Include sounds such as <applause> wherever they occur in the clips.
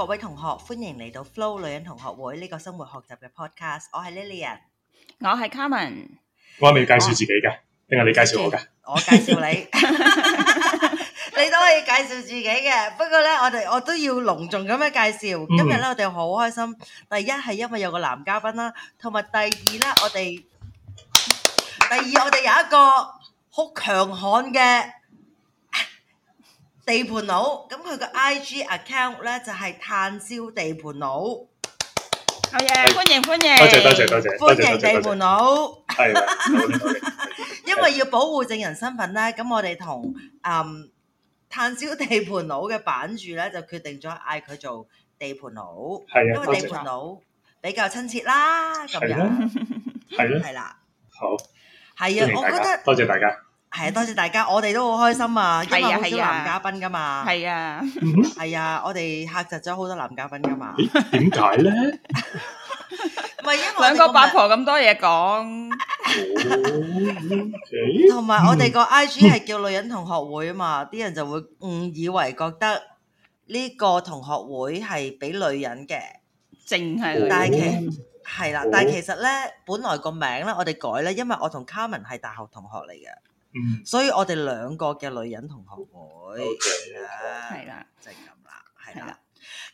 各位同學，歡迎嚟到 Flow 女人同學會呢個生活學習嘅 podcast，我係 Lillian，我係 Carmen 我未介紹自己㗎，定係、啊、你介紹我㗎？我介紹你， <laughs> <laughs> 你都可以介紹自己嘅。不過呢，我哋我都要隆重咁樣介紹，今日呢，我哋好開心。第一係因為有個男嘉賓啦，同埋第二呢，我哋第二我哋有一個好強悍嘅。地盤佬，咁佢個 IG account 咧就係炭燒地盤佬。係啊，歡迎歡迎，多謝多謝多謝，歡迎地盤佬。係，因為要保護證人身份咧，咁我哋同嗯炭燒地盤佬嘅版主咧就決定咗嗌佢做地盤佬，因為地盤佬比較親切啦。咁樣係咯，係啦。好，係啊，我覺得多謝大家。係啊，多謝大家，我哋都好開心啊！今日好多男嘉賓噶嘛，係啊，係啊，我哋客席咗好多男嘉賓噶嘛。點解咧？唔係因為兩個八婆咁多嘢講，同埋我哋個 IG 係叫女人同學會啊嘛，啲人就會誤以為覺得呢個同學會係俾女人嘅，淨係，但係其係啦，但係其實咧，本來個名咧，我哋改咧，因為我同 Carmen 係大學同學嚟嘅。所以我哋兩個嘅女人同學會，係啦、 <laughs> 啊，就係咁啦，係、啊、啦。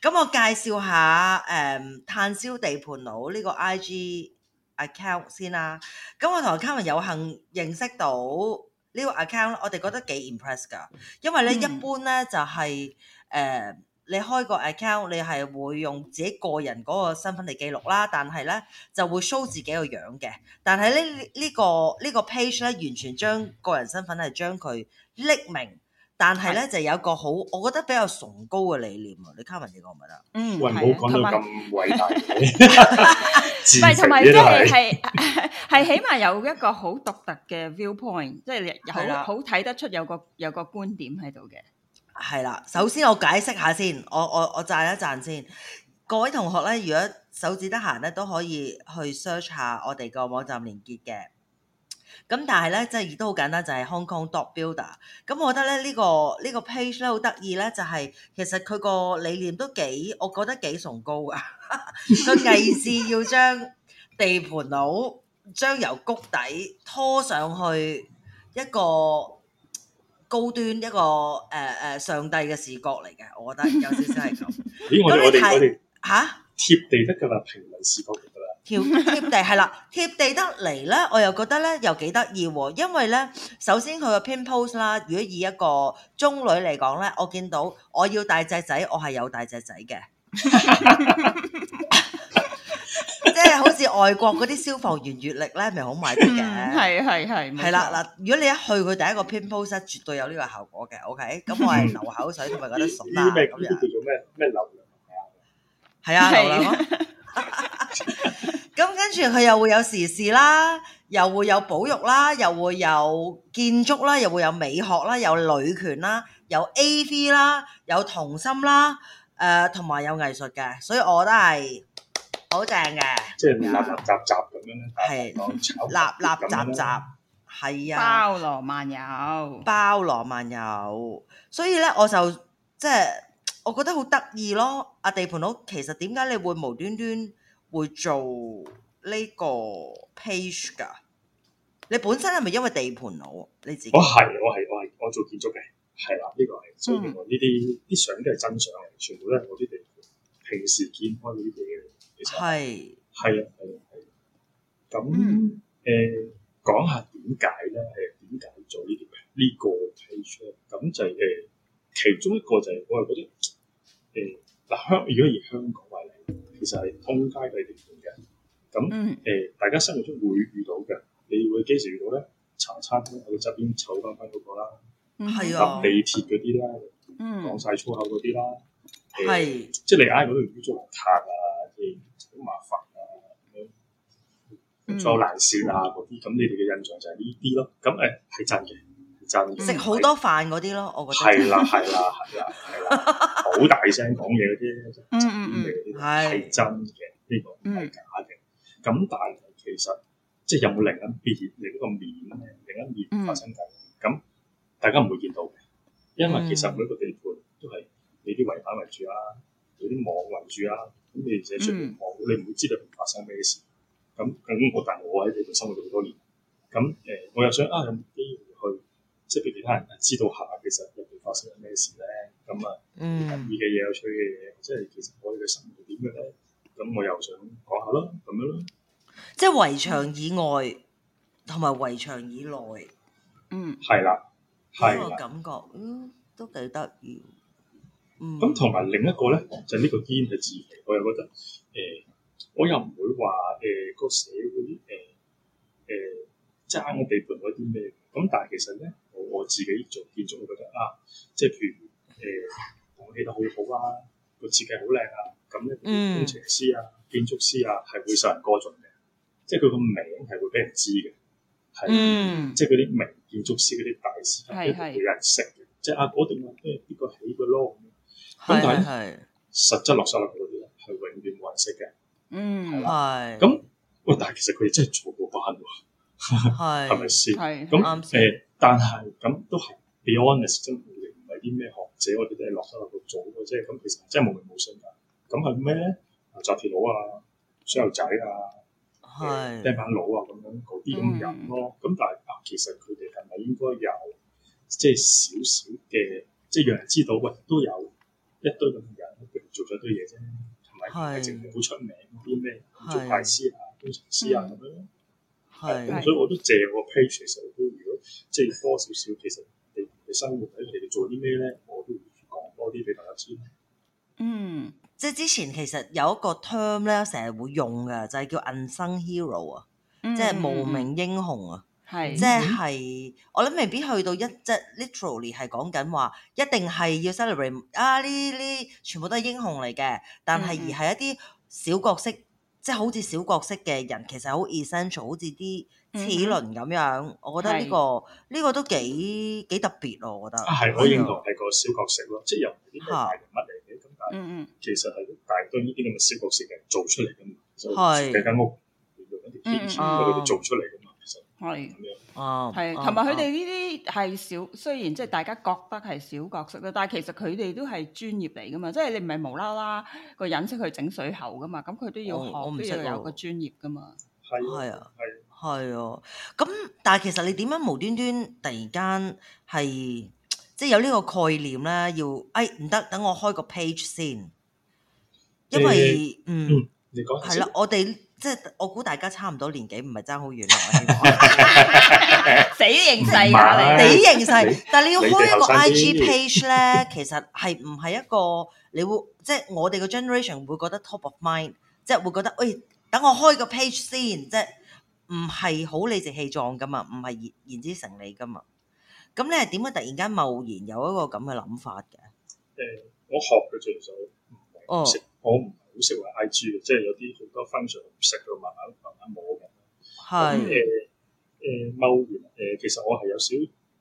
咁、 <laughs> 啊、我介紹下誒炭、嗯、燒地盤佬呢個 IG account 先啦。咁我同阿 Kevin 有幸認識到呢個 account，我哋覺得幾 impress 㗎，因為咧一般咧就係、是、誒。啊。你開個 account，你係會用自己個人嗰個身份嚟記錄啦，但係咧就會 show 自己個樣嘅。但係呢呢個呢個 page 咧，完全將個人身份係將佢匿名，但係咧就有個好，我覺得比較崇高嘅理念喎。你 Carwin 你講咪得？嗯，唔好講到咁偉大。唔係，同埋即係係係起碼有一個好獨特嘅 viewpoint，即係好好睇得出有個有個觀點喺度嘅。係啦，首先我解釋下先，我我我讚一讚先。各位同學咧，如果手指得閒咧，都可以去 search 下我哋個網站連結嘅。咁但係咧，即係亦都好簡單，就係、是、Hong Kong dot builder。咁我覺得咧，呢、呢個呢、呢個 page 咧，好得意咧，就係、是、其實佢個理念都幾，我覺得幾崇高啊。佢嘅是要將地盤佬將由谷底拖上去一個。高端一個誒誒、呃呃、上帝嘅視角嚟嘅，我覺得有少真係咁。咁 <laughs> 你睇嚇貼地得㗎嘛？啊、平民視角嚟㗎。貼 <laughs> 貼地係啦，貼地得嚟咧，我又覺得咧又幾得意喎。因為咧，首先佢個 pin post 啦，如果以一個中女嚟講咧，我見到我要大隻仔，我係有大隻仔嘅。 <laughs> <laughs> 即係好似外國嗰啲消防員月曆咧，咪好賣啲嘅。係係係。係啦嗱，如果你一去佢第一個 presentation，絕對有呢個效果嘅。OK，咁我係流口水，同埋覺得爽啦。咁樣叫做咩咩流量係啊？係啊，流量。咁跟住佢又會有時事啦，又會有保育啦，又會有建築啦，又會有美學啦，有女權啦，有 AV 啦，有童心啦，誒同埋有藝術嘅，所以我都係。好正嘅，即係垃垃雜雜咁樣咧，係垃垃雜雜係啊，包羅萬有，包羅萬有。 <laughs> 所以咧，我就即係、就是、我覺得好得意咯。阿地盤佬，其實點解你會無端端會做呢個 page 噶？你本身係咪因為地盤佬你自己？哦、我係我係我係我，我做建築嘅，係啦呢個係，所以原來呢啲啲相都係真相，全部都係我啲地盤平時見開呢啲嘢。係係啊係啊，咁誒講下點解咧？係點解做呢啲呢個 page？咁就誒、是呃，其中一個就係我係覺得誒，嗱香、呃呃、如果以香港為例，其實係通街都係遇到嘅。咁誒、呃，大家生活中會遇到嘅，你會幾時遇到咧？茶餐廳喺側邊吵翻翻嗰個啦，係啊，搭地鐵嗰啲啦，講晒粗口嗰啲啦，係，即係你嗌嗰度遇到中流拍啊！gold 好、哎、麻煩啊，做難事啊，嗰啲咁，你哋嘅印象就係呢啲咯。咁誒，係真嘅，真嘅食好多飯嗰啲咯，我覺得係啦，係啦，係啦，係啦，好大聲講嘢嗰啲，嗯嗯嗯，係真嘅，呢個唔係假嘅。咁但係其實即係有冇另一你個面，另一面發生緊？咁大家唔會見到嘅，因為其實每一個地盤都係你啲違法為主啦、啊。有啲網圍住啊，咁你喺出面望，你唔會知道發生咩事。咁咁、嗯、我但係我喺呢度生活咗好多年，咁誒、呃、我又想啊有機、嗯、會去，即係俾其他人知道下其實入邊發生咗咩事咧。咁、嗯、啊，得意嘅嘢、有趣嘅嘢，即、嗯、係其實我哋嘅生活點樣咧。咁我又想講下咯，咁樣咯。即係圍牆以外同埋圍牆以內，嗯，係啦，係啦，感覺嗯都幾得意。咁同埋另一個咧，就呢、是、個堅係設我又覺得誒、呃，我又唔會話誒個社會誒誒爭我地盤嗰啲咩。咁但係其實咧，我我自己做建築，我覺得啊，即係譬如誒，我、呃、起得好好啊，個設計好靚啊，咁咧工程師啊、建築師啊，係會受人歌頌嘅，即係佢個名係會俾人知嘅，係、嗯、即係嗰啲名建築師嗰啲大師係一定會有人識嘅，即係啊，我哋誒呢個起嘅咯。咁但係實質落手落腳嗰啲人係永遠冇人識嘅，嗯，係咁喂。但係其實佢哋真係坐過班喎，係咪先係咁誒？但係咁都係 beyond，即係唔係啲咩學者，我哋都係落手落腳組嘅啫。咁其實真係冇名冇聲嘅。咁係咩咧？紮鐵佬啊、水牛仔啊、釘的、嗯、板佬啊，咁樣嗰啲咁嘅人咯、啊。咁但係其實佢哋係咪應該有即係少少嘅，即係讓人知道喂都有。一堆咁嘅人，佢哋做咗一堆嘢啫，同埋是一直好出名啲咩做大師啊、工程師啊咁樣咯。咁所以我都借個 page，其實都如果即係、就是、多少少，其實你你生活喺你哋做啲咩咧，我都講多啲俾大家知。嗯，即係之前其實有一個 term 咧，成日會用嘅就係、是、叫 Unsung hero 啊、嗯，即係無名英雄啊。即係，我諗未必去到一隻、就是、literally 係講緊話，一定係要 celebrate 啊！呢呢全部都係英雄嚟嘅，但係而係一啲小角色，即、就、係、是、好似小角色嘅人，其實好 essential，好似啲齒輪咁樣。我覺得呢、這個呢的、這個這個都幾幾特別咯、啊，我覺得。係、啊，我認同係個小角色咯，即係又唔係啲大人物嚟嘅咁，啊、但係其實係，大多呢啲咁嘅小角色嘅做出嚟噶嘛，所以間屋做出嚟。的係，哦，係，同埋佢哋呢啲係小，雖然即係大家覺得係小角色咯，但係其實佢哋都係專業嚟噶嘛，即係你唔係無啦啦個人出去整水喉噶嘛，咁佢都要學，都要有個專業噶嘛。係啊，係啊，係啊，咁但係其實你點樣無端端突然間係即係有呢個概念啦？要哎唔得，等我開個 page 先，因為嗯，你講係啦，我哋。即係我估大家差唔多年紀，唔係爭好遠喇。死認細，啊、你死認細。你但係你要開一個 IG page 咧你，其實係唔係一個你會即係我哋個 generation 會覺得 top of mind， <laughs> 即係會覺得喂、哎，等我開個 page 先，即係唔係好理直氣壯噶嘛？唔係言言之成理噶嘛？咁你係點解突然間貿然有一個咁嘅諗法嘅？誒、嗯，我學佢做手，哦，我唔。好識玩 I G 嘅，即係有啲好多 function 唔識，佢慢慢慢慢摸緊。係是。咁誒踎完，然、呃、其實我係有少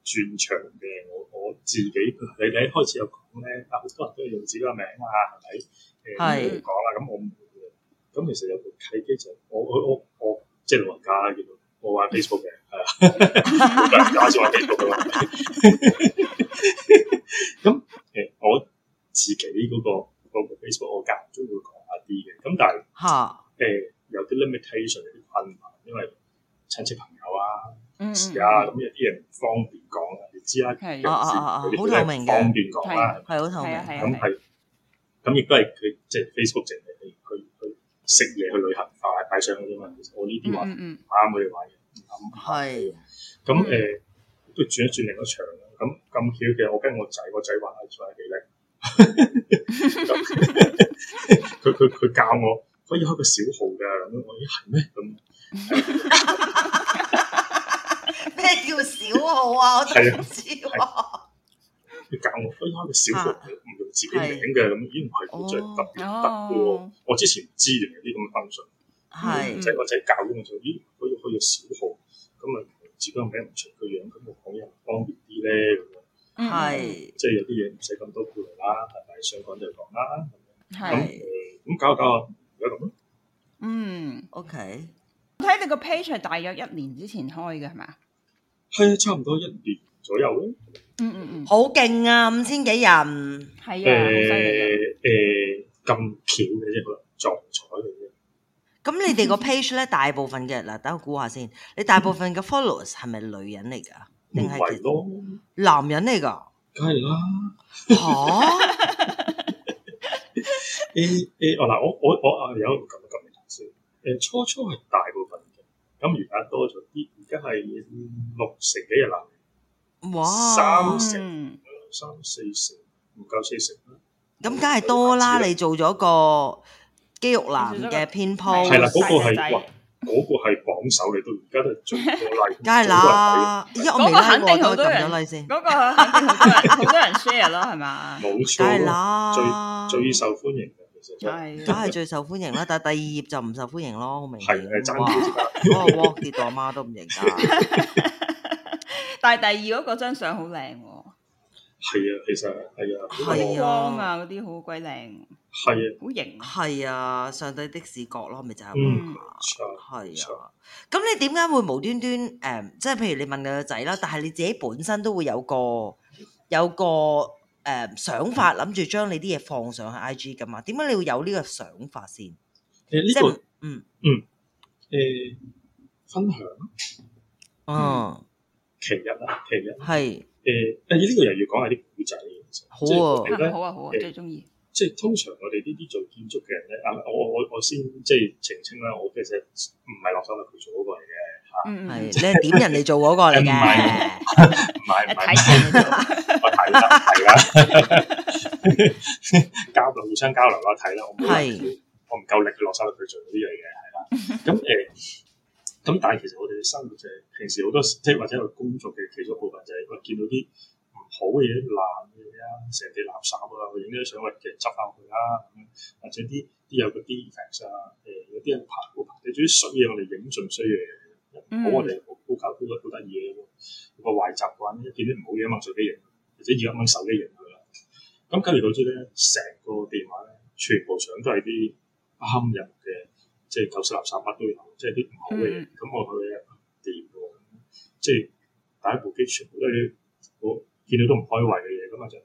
轉場嘅。我我自己，你哋一開始有講咧，但好多人都係用自己個名啊，係咪？係。講啦，咁我唔會嘅。咁其實有部契機就，我我我我即係老人家叫做我玩 Facebook 嘅，係啊，開始玩 Facebook 啦。咁誒，我自己嗰個嗰個 Facebook，我間中都會講。咁但係誒有啲 limitation 有啲困難，因為親戚朋友啊事啊，咁有啲人唔方便講，你知啦。哦哦好透明嘅，方便講啦，係好透明。咁係咁，亦都係佢即係 Facebook 整嚟。佢去食嘢去旅行擺上咗啫嘛。其實我呢啲話啱佢哋話嘅。係咁誒，都轉一轉另一場咁咁巧嘅，我跟我仔，個仔話係仲係幾叻。佢佢佢教我可以開個小號噶咁，我咦係咩咁？咩 <laughs> <laughs> 叫小號啊？我睇唔知 <laughs> 。佢教我可以開個小號，唔、啊、用自己名嘅咁，已經唔係好着特別得嘅。我之前唔知嘅啲咁嘅 function。係仔個仔教我，就咦可以開個小號，咁啊自己個名唔出名，佢樣，咁我講嘢，方便啲咧。係，即係有啲嘢唔使咁多顧慮啦，係咪？想講就講啦。係，咁咁搞下搞下，而家咁。嗯，OK。我睇你個 page 係大約一年之前開嘅係咪？係差唔多一年左右。嗯嗯嗯，好勁啊！五千幾人，係啊，咁犀利。誒誒，咁巧嘅啫，撞彩嘅啫。咁你哋個 page 咧，大部分嘅嗱，等我估下先。你大部分嘅 followers 係咪女人嚟㗎？唔係咯，男人嚟噶，梗係啦。吓？A A 哦嗱，我我我阿友撳一撳嚟睇先。誒，初初係大部分嘅，咁而家多咗啲，而家係六成幾嘅男，哇，三成、三四成、唔夠四成啦。咁梗係多啦，你做咗個肌肉男嘅偏頗，係啦，嗰個係。嗰個係榜首，嚟到而家都最多例，梗係我嗰個肯定好多人例先，嗰個肯定好多人 share 咯，係嘛？梗係啦，最最受歡迎嘅，其實梗係最受歡迎啦。但係第二頁就唔受歡迎咯，我明。係係爭幾折啊！哇，跌到阿媽都唔認得。但係第二嗰個張相好靚喎。係啊，其實係啊，光啊嗰啲好鬼靚。係啊，好型！係啊，上帝的視角咯，咪就係咁啊！係啊，咁你點解會無端端誒，即係譬如你問你個仔啦，但係你自己本身都會有個有個誒想法，諗住將你啲嘢放上去 I G 㗎嘛？點解你要有呢個想法先？其實呢個嗯嗯誒分享啊，其實啦，其實係誒誒呢個又要講下啲古仔嘅。即係好啊好啊好啊，最鍾意。即係通常我哋呢啲做建築嘅人咧，啊、嗯，我我我先即係澄清啦，我其實唔係落手落腳做嗰、嗰個嚟嘅嚇。嗯，你係點人哋做嗰個嚟嘅？唔係唔係，睇住我睇啦，係啦，交流互相交流啦，睇啦。我唔夠是力，落手落腳做嗰啲嘢嘅，係啦。咁誒， <laughs> 咁但係其實我哋生活就係平時好多，即係或者我工作嘅其中部分就係我見到啲。好嘢、爛嘢啊！成地垃圾啊！佢影咗相，我叫人執翻佢啦咁樣，或者啲啲有嗰啲 effect 啊，誒、呃、有啲人排好排。你仲要衰嘢我哋影盡衰嘢，唔好我哋高搞好得意嘢咯。有個壞習慣一見啲唔好嘢，問手機影，或者二一蚊手機影佢啦。咁跟住導致咧，成個電話咧，全部相都係啲不堪入嘅，即係舊式垃圾乜都有，即係啲唔好嘅嘢。咁、嗯、我去店喎、嗯，即係第一部機全部都係好。見到都唔開胃嘅嘢咁啊，就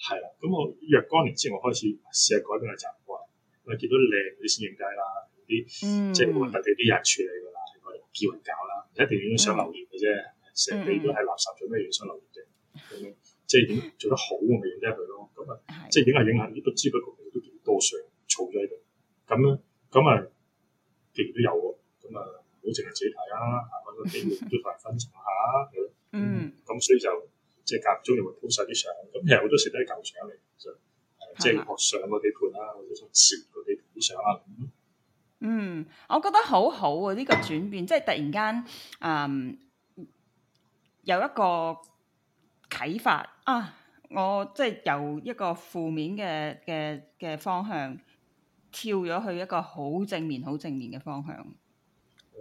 係啦。咁我若干年之前我開始試下改變嘅習慣，咪見到靚你先影低啦，啲即係冇特別啲人處理噶啦，我哋叫人搞啦，一定要影相留言嘅啫。成堆都係垃圾，做咩要影相留言啫？即係點做得好咁嘅嘢，咪影低佢咯。咁啊，即係已經係影響啲不知不覺都幾多相儲咗喺度。咁樣咁啊，既然都有喎。咁啊，好淨係自己睇啦，揾個機會都同人分享下啊，係咯。嗯，咁所以就。即係間唔中你會鋪晒啲相，咁其實好多時都係舊相嚟，就的即係學上嗰啲地盤啦，或者攝嗰啲啲相啦。嗯，我覺得好好啊！呢、呢個轉變，啊、即係突然間，嗯，有一個啟發啊！我即係由一個負面嘅嘅嘅方向，跳咗去一個好正面、好正面嘅方向、嗯。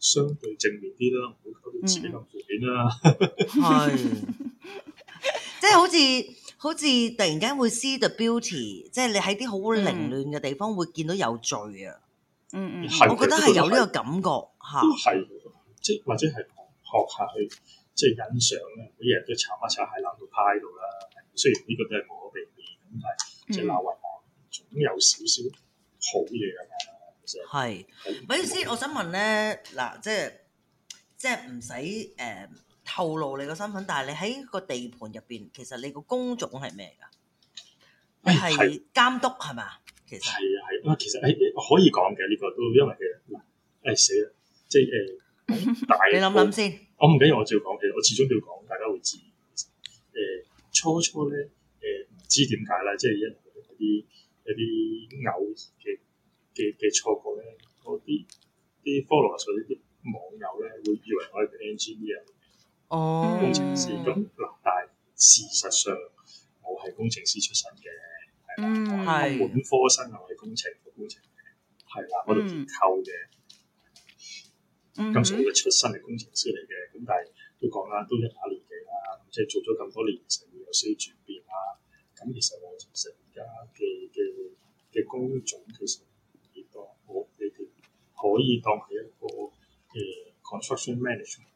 相對正面啲啦、啊，唔好搞到自己咁負面啦、啊。係、嗯。 <laughs> 即係好似好似突然間會 see the beauty，即係你喺啲好凌亂嘅地方會見到有罪啊！嗯嗯，我覺得係有呢個感覺嚇。都係即係或者係學學下去，即係欣賞咧，每日都查一查喺樓度派到啦。雖然呢個都係無可避免，但係即係鬧混，總有少少好嘢㗎嘛。係，唔係意思，我想問咧嗱，即係即係唔使誒。透露你個身份，但係你喺個地盤入邊，其實你個工種係咩嚟噶？係監督係嘛？其實係係啊，其實誒可以講嘅呢個都因為其實嗱誒死啦，即係誒、呃、 <laughs> 大波你諗諗先我。我唔緊要，我照要講。其實我始終都要講，大家會知誒、呃。初初咧誒，唔、呃、知點解啦，即係一啲一啲偶然嘅嘅嘅錯過咧，嗰啲啲 followers 啲啲網友咧，會以為我係 N G B 啊。Oh. 工程師咁，嗱，但事實上我係工程師出身嘅，嗯，係、mm, 本科生、mm. 我係工程工程嘅，係啦，嗰度結構嘅咁所謂嘅出身係工程師嚟嘅。咁、mm. 但係都講啦，都，都一把年紀啦，即係做咗咁多年，成年有少少轉變啦。咁其實我成家嘅嘅嘅工種其實亦都好，你哋可以當係一個誒、呃、construction management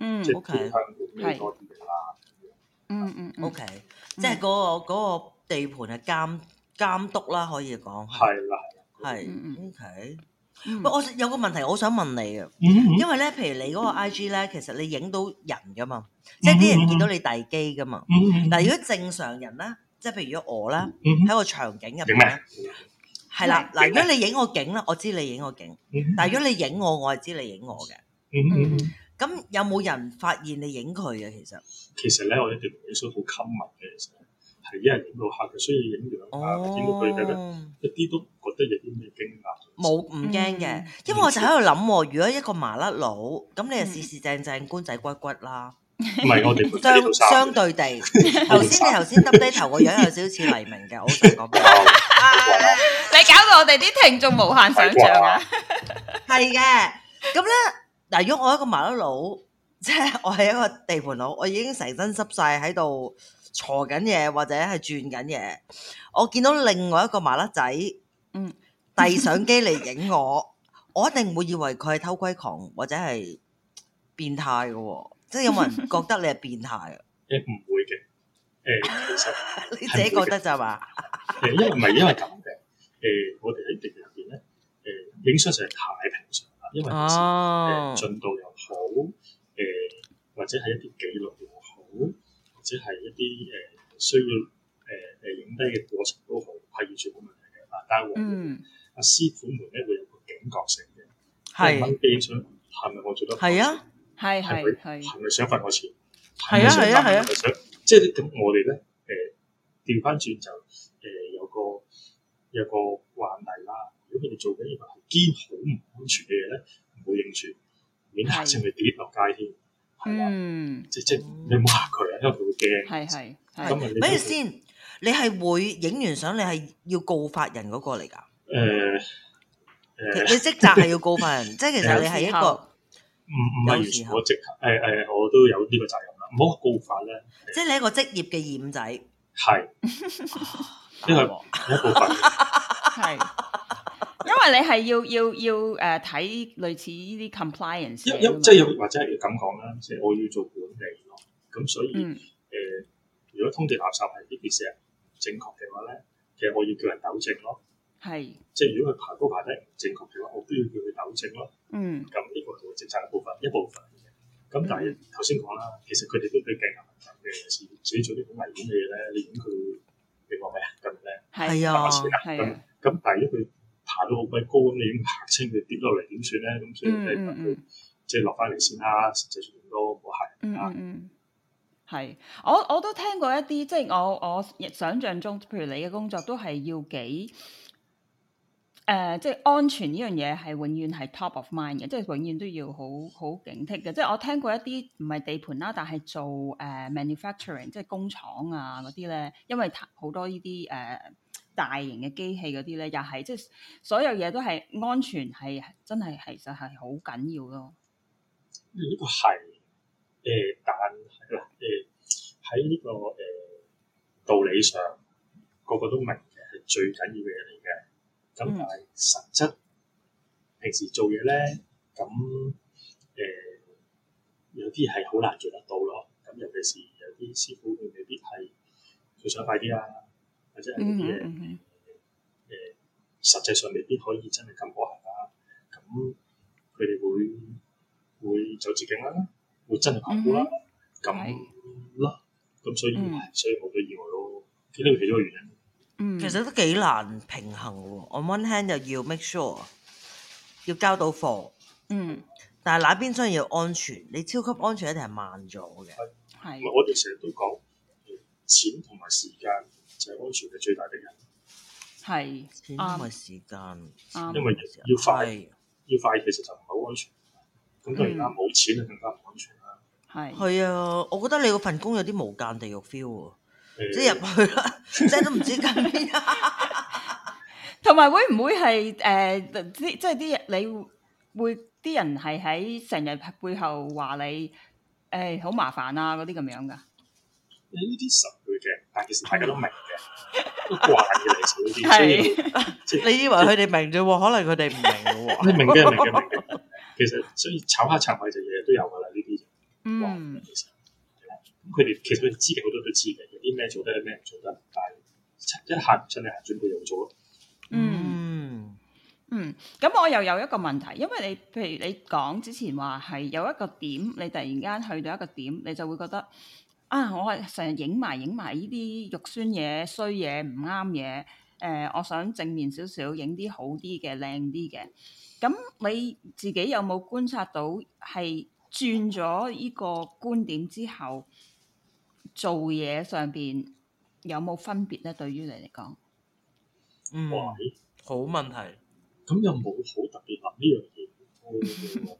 嗯，即係嗯嗯，OK，即係嗰個嗰個地盤係監監督啦，可以講係啦，係 OK。喂，我有個問題，我想問你嘅，因為咧，譬如你嗰個 IG 咧，其實你影到人噶嘛，即係啲人見到你戴機噶嘛。但嗱，如果正常人咧，即係譬如果我啦，喺個場景入邊，係啦。嗱，如果你影我景咧，我知你影我景；但係如果你影我，我係知你影我嘅。咁有冇人發現你影佢嘅？其實其實咧，我一定影相好親密嘅，其實係因為影到客嘅需要影相啊，見到佢哋一啲都覺得有啲咩驚訝。冇唔驚嘅，因為我就喺度諗，如果一個麻甩佬咁，你就四四正正官仔骨骨啦。唔係我哋相相對地，頭先你頭先耷低頭個樣有少少似黎明嘅。我同你講，你搞到我哋啲聽眾無限想象啊！係嘅，咁咧。如果我一個麻甩佬，即係我係一個地盤佬，我已經成身濕晒喺度坐緊嘢，或者係轉緊嘢。我見到另外一個麻甩仔，嗯，遞相機嚟影我，我一定會以為佢係偷窺狂或者係變態嘅喎。即係有冇人覺得你係變態啊？唔、欸、會嘅，誒、欸、 <laughs> 你自己覺得就嘛？誒， <laughs> 因為唔係因為咁嘅誒。我哋喺地盤入邊咧，誒影相實在太平常。因為有時進度又好，誒、呃、或者係一啲記錄又好，或者係一啲誒需要誒誒影低嘅過程都好，係完全冇問題嘅。啊，但係阿師傅們咧會有個警覺性嘅，係問你想係咪我做得係啊，係係係咪想罰我錢？係啊係啊係啊，即係咁我哋咧誒掉返轉，就誒有個有個話題啦。佢哋做緊嘢係堅好唔安全嘅嘢咧，唔會影住，免下次咪跌落街添。係啊，即即你唔好嚇佢，因為佢會驚。係係係。咩先？你係會影完相，你係要告法人嗰個嚟噶？誒誒，你職責係要告法人，即係其實你係一個唔唔係完全我職誒誒，我都有呢個責任啦。唔好告法咧，即係你一個職業嘅染仔係，因個一部分係。你係要要要誒睇類似呢啲 compliance，即係又或者係要咁講啦，即係我要做管理咯。咁所以誒，如果通地垃圾係啲石正確嘅話咧，其實我要叫人糾正咯。係，即係如果佢排高排低唔正確嘅話，我都要叫佢糾正咯。嗯，咁呢個係我政策一部分一部分嘅。咁但係頭先講啦，其實佢哋都對技術嘅事，所以做啲好危險嘅嘢咧，你諗佢你白咩？啊？今日係啊，係咁咁，第一佢。爬到好鬼高你已經嚇清，佢跌落嚟點算咧？咁所以即係落翻嚟先啦。就算咁多，冇係。嗯嗯，係。我我都聽過一啲，即係我我想象中，譬如你嘅工作都係要幾誒，即係安全呢樣嘢係永遠係 top of mind 嘅，即係永遠都要好好警惕嘅。即係我聽過一啲唔係地盤啦，但係做誒 manufacturing，即係工廠啊嗰啲咧，因為好多呢啲誒。呃大型嘅機器嗰啲咧，又係即係所有嘢都係安全係真係，其實係好緊要咯。呢個係誒、呃，但嗱誒喺呢個誒、呃、道理上，個個都明嘅係最緊要嘅嘢嚟嘅。咁、嗯、但係實質平時做嘢咧，咁誒、呃、有啲係好難做得到咯。咁尤其是有啲師傅佢未必係佢想快啲啊。或者、嗯嗯、實際上未必可以真係咁可行啦。咁佢哋會會走捷徑啦，會真係跑高啦咁啦。咁所以所以好多意外咯，呢個其中一個原因。嗯、其實都幾難平衡喎。我 one hand 又要 make sure 要交到貨，嗯，但係那邊雖然要安全，你超級安全一定係慢咗嘅。係，我哋成日都講錢同埋時間。就係安全嘅最大敵人，係錢同埋時間，啱。因為要快，對要快其實就唔係好安全。咁佢而家冇錢，更加唔安全啦。係係啊，我覺得你嗰份工有啲無間地獄 feel 喎，即入去啦，即都唔知跟咩啊。同埋會唔會係誒啲即係啲你會啲人係喺成日背後話你誒好、欸、麻煩啊嗰啲咁樣㗎？呢啲神佢嘅，但其實大家明、嗯、都明嘅，都怪嘅嚟，所以 <laughs> 你以為佢哋明啫， <laughs> 可能佢哋唔明嘅。你 <laughs> 明嘅人明嘅，明嘅。其實所以炒下、炒白就嘢都有噶啦，呢啲就。嗯，其，其實咁佢哋其實佢知嘅，好多都知嘅。啲咩做得，啲咩唔做得，但係一下真係轉配又做咯。嗯嗯，咁我又有一個問題，因為你譬如你講之前話係有一個點，你突然間去到一個點，你就會覺得。啊！我係成日影埋影埋呢啲肉酸嘢、衰嘢、唔啱嘢。誒、呃，我想正面少少，影啲好啲嘅、靚啲嘅。咁你自己有冇觀察到係轉咗依個觀點之後，做嘢上邊有冇分別咧？對於你嚟講，嗯，好問題。咁又冇好特別諗呢樣嘢。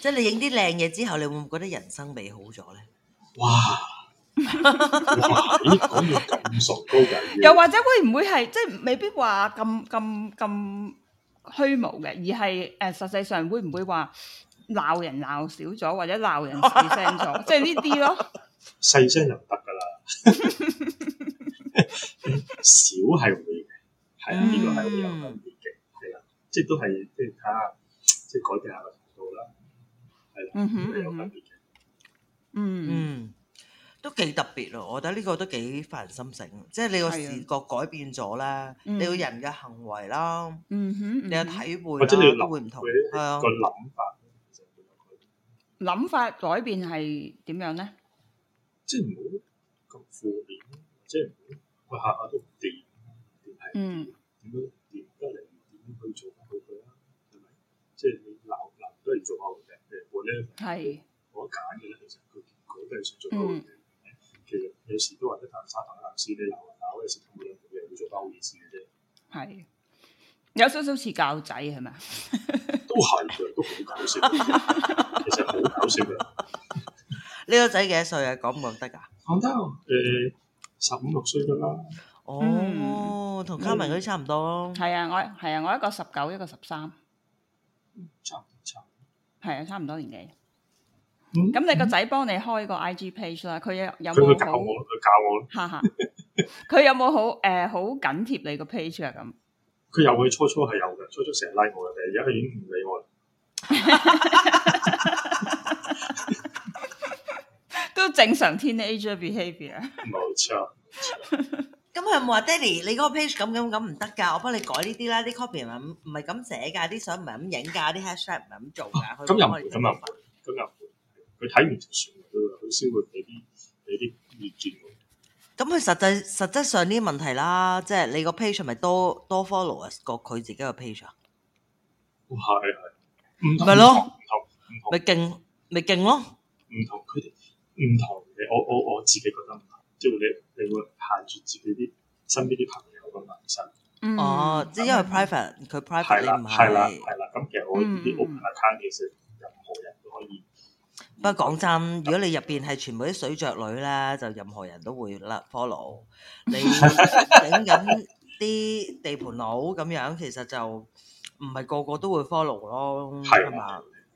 即 <laughs> 係 <laughs> 你影啲靚嘢之後，你會唔會覺得人生美好咗咧？哇！咁又咁熟高噶？又或者會唔會係即係未必話咁咁咁虛無嘅？而係誒、呃，實際上會唔會話鬧人鬧少咗，或者鬧人細聲咗？即係呢啲咯，細聲就得噶啦，少 <laughs> 係會嘅，係呢個係會有分別嘅，係啦，即係都係即係睇下。即係改變下個程度啦，係啦，咁係有分別嘅。嗯嗯，都幾特別咯！我覺得呢個都幾發人心醒，即係你個視覺改變咗咧，你個人嘅行為啦，嗯哼，你嘅體會啦，都會唔同。係啊，個諗法諗法改變係點樣咧？即係唔好咁負面，即係唔好去下下都點定係點樣點樣點樣嚟點樣去做。即係你鬧鬧都係做下嘅，譬如我咧，我揀嘅咧，其實佢佢都係做多嘅。嗯、其實有時都話啲蛋炒飯、蛋絲啲鬧鬧，有時同啲嘢去做翻好意思嘅啫。係有少少似教仔係咪？都係都好搞笑。其實好搞笑嘅。呢個仔幾多歲啊？講唔講得㗎？講得誒，十五六歲得啦。哦、嗯，同卡文嗰啲差唔多。係 <music> 啊，我係啊，我一個十九，一個十三，係啊，差唔多年紀。咁、嗯、你個仔幫你開個 IG page 啦，佢有有冇教我？佢教我咯。哈 <laughs> 哈 <laughs> 佢有冇好誒好緊貼你個 page 啊？咁 <laughs> 佢又會初初係有嘅，初初成日拉我嘅，而家佢已經唔理我啦。都正常 teenage behaviour 啊 <laughs> 冇錯。 <laughs> 咁佢有冇話 Daddy，你嗰個 page 咁咁咁唔得㗎，我幫你改呢啲啦，啲 copy 唔係唔係咁寫㗎，啲相唔係咁影㗎，啲 hashtag 唔係咁做㗎。咁又唔會，咁又唔會，咁又唔會。佢睇完就算㗎，佢佢先會俾啲俾啲意見。咁佢實際實質上呢啲問題啦，即係你個 page 咪多多 followers 過佢自己個 page。係係，唔係咯？唔同，咪勁咪勁咯？唔同佢哋，唔同嘅。我我我自己覺得。你，你會限住自己啲身邊啲朋友嘅民生。嗯、哦，即係、嗯、因為 private 佢 private 你唔係。係啦，咁其實我呢啲 pattern 其實任何人都可以。不過講真，如果你入邊係全部啲水着女啦，就任何人都會啦 follow。你整緊啲地盤佬咁樣， <laughs> 其實就唔係個個都會 follow 咯，係嘛吧？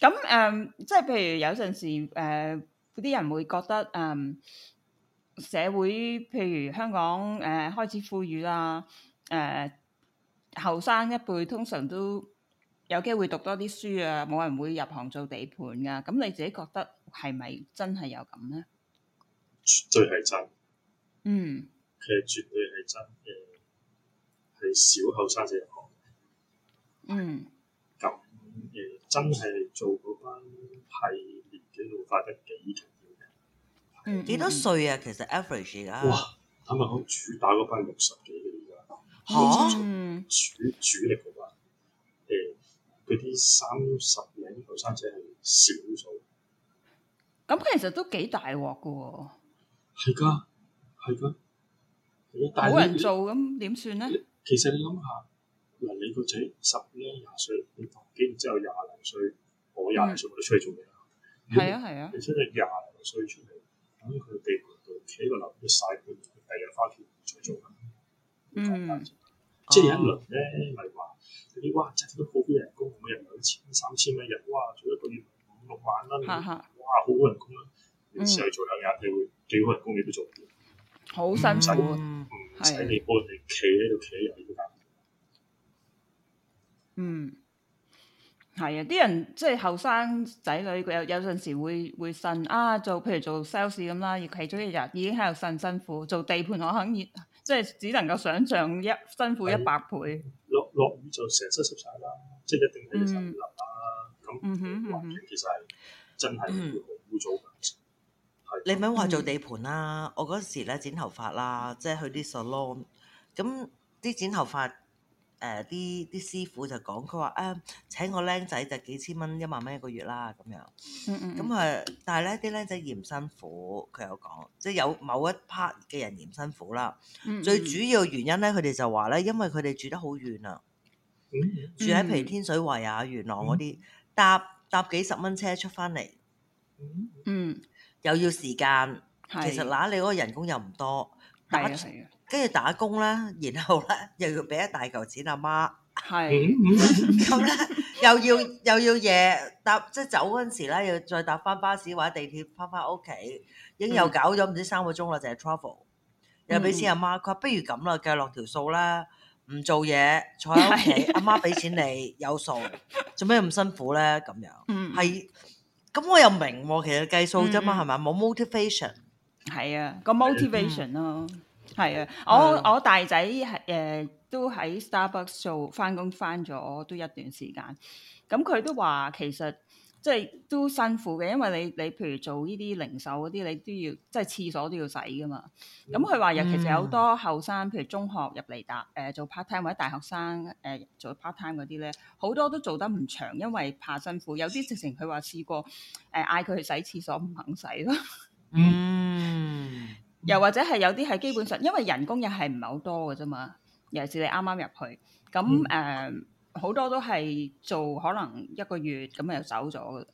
咁誒、嗯，即係譬如有陣時誒，啲、呃、人會覺得誒、嗯、社會，譬如香港誒、呃、開始富裕啦，誒後生一輩通常都有機會讀多啲書啊，冇人會入行做地盤噶。咁你自己覺得係咪真係有咁咧？絕對係真。嗯。其實絕對係真嘅，係少後生仔入行。嗯。真係做嗰班係年紀老化得幾重要嘅，嗯，嗯幾多歲啊？其實 average 而家哇，咁咪好主打嗰班六十幾嘅而家嚇，主主力嗰班，嗰、欸、啲三十零後生仔係少數，咁其實都幾大鑊㗎喎，係㗎，係㗎，但係冇人做咁點算咧？其實你諗下。嗱，你個仔十咧廿歲，你同幾然之後廿零歲，我廿零歲我都出去做嘢啦。係啊，係啊，你出咗廿零歲出嚟，咁佢地盤度企喺個樓嘅晒盤，第二日花錢再做緊。嗯，即係一輪咧，咪話你哇，一啲都好高人工，每人兩千、三千蚊一日，哇，做一個月五六萬啦。嚇嚇，哇，好多人工啦，你只係做兩日，你會幾高人工你都做唔掂。好辛苦，唔使你幫，你企喺度企一日嗯，係啊，啲人即係後生仔女，佢有有陣時會會呻啊，做譬如做 sales 咁啦，企咗一日已經喺度呻辛苦，做地盤我肯熱，即係只能夠想象一辛苦一百倍。嗯、落落雨就成身濕晒啦，即係一定係要淋啦。咁環境其實係真係好污糟。你唔好話做地盤啦、啊，我嗰時咧剪頭髮啦，即係去啲 salon，咁啲剪頭髮。誒啲啲師傅就講，佢話啊，請個僆仔就幾千蚊一萬蚊一個月啦，咁樣。咁啊、嗯嗯，但係咧啲僆仔嫌辛苦，佢有講，即係有某一 part 嘅人嫌辛苦啦。嗯嗯，最主要原因咧，佢哋就話咧，因為佢哋住得好遠啊，嗯嗯，住喺譬如天水圍啊、元朗嗰啲，搭搭幾十蚊車出翻嚟。嗯。嗯，又要時間，其實嗱，的你嗰個人工又唔多。係啊。的跟住打工啦，然後咧又要俾一大嚿錢阿媽，係咁咧又要又要嘢搭即係走嗰陣時咧，要再搭翻巴士或者地鐵翻翻屋企，已經又搞咗唔知三個鐘啦，就係 travel。又俾錢阿媽，佢話不如咁啦，計落條數啦，唔做嘢坐喺屋企，阿媽俾錢你有數，做咩咁辛苦咧？咁樣，嗯，係咁我又明喎，其實計數啫嘛，係咪？冇 motivation，係啊，個 motivation 咯。係啊，嗯、我我大仔係誒、呃、都喺 Starbucks 做翻工翻咗都一段時間。咁佢都話其實即係都辛苦嘅，因為你你譬如做呢啲零售嗰啲，你都要即係廁所都要洗噶嘛。咁佢話日其實有好多後生，譬如中學入嚟打誒做 part time 或者大學生誒做 part time 嗰啲咧，好多都做得唔長，因為怕辛苦。有啲直情佢話試過誒嗌佢去洗廁所唔肯洗咯。嗯。嗯嗯嗯。又或者係有啲係基本上，因為人工又係唔係好多嘅啫嘛，尤其是你啱啱入去，咁誒好多都係做可能一個月咁啊，又走咗噶啦。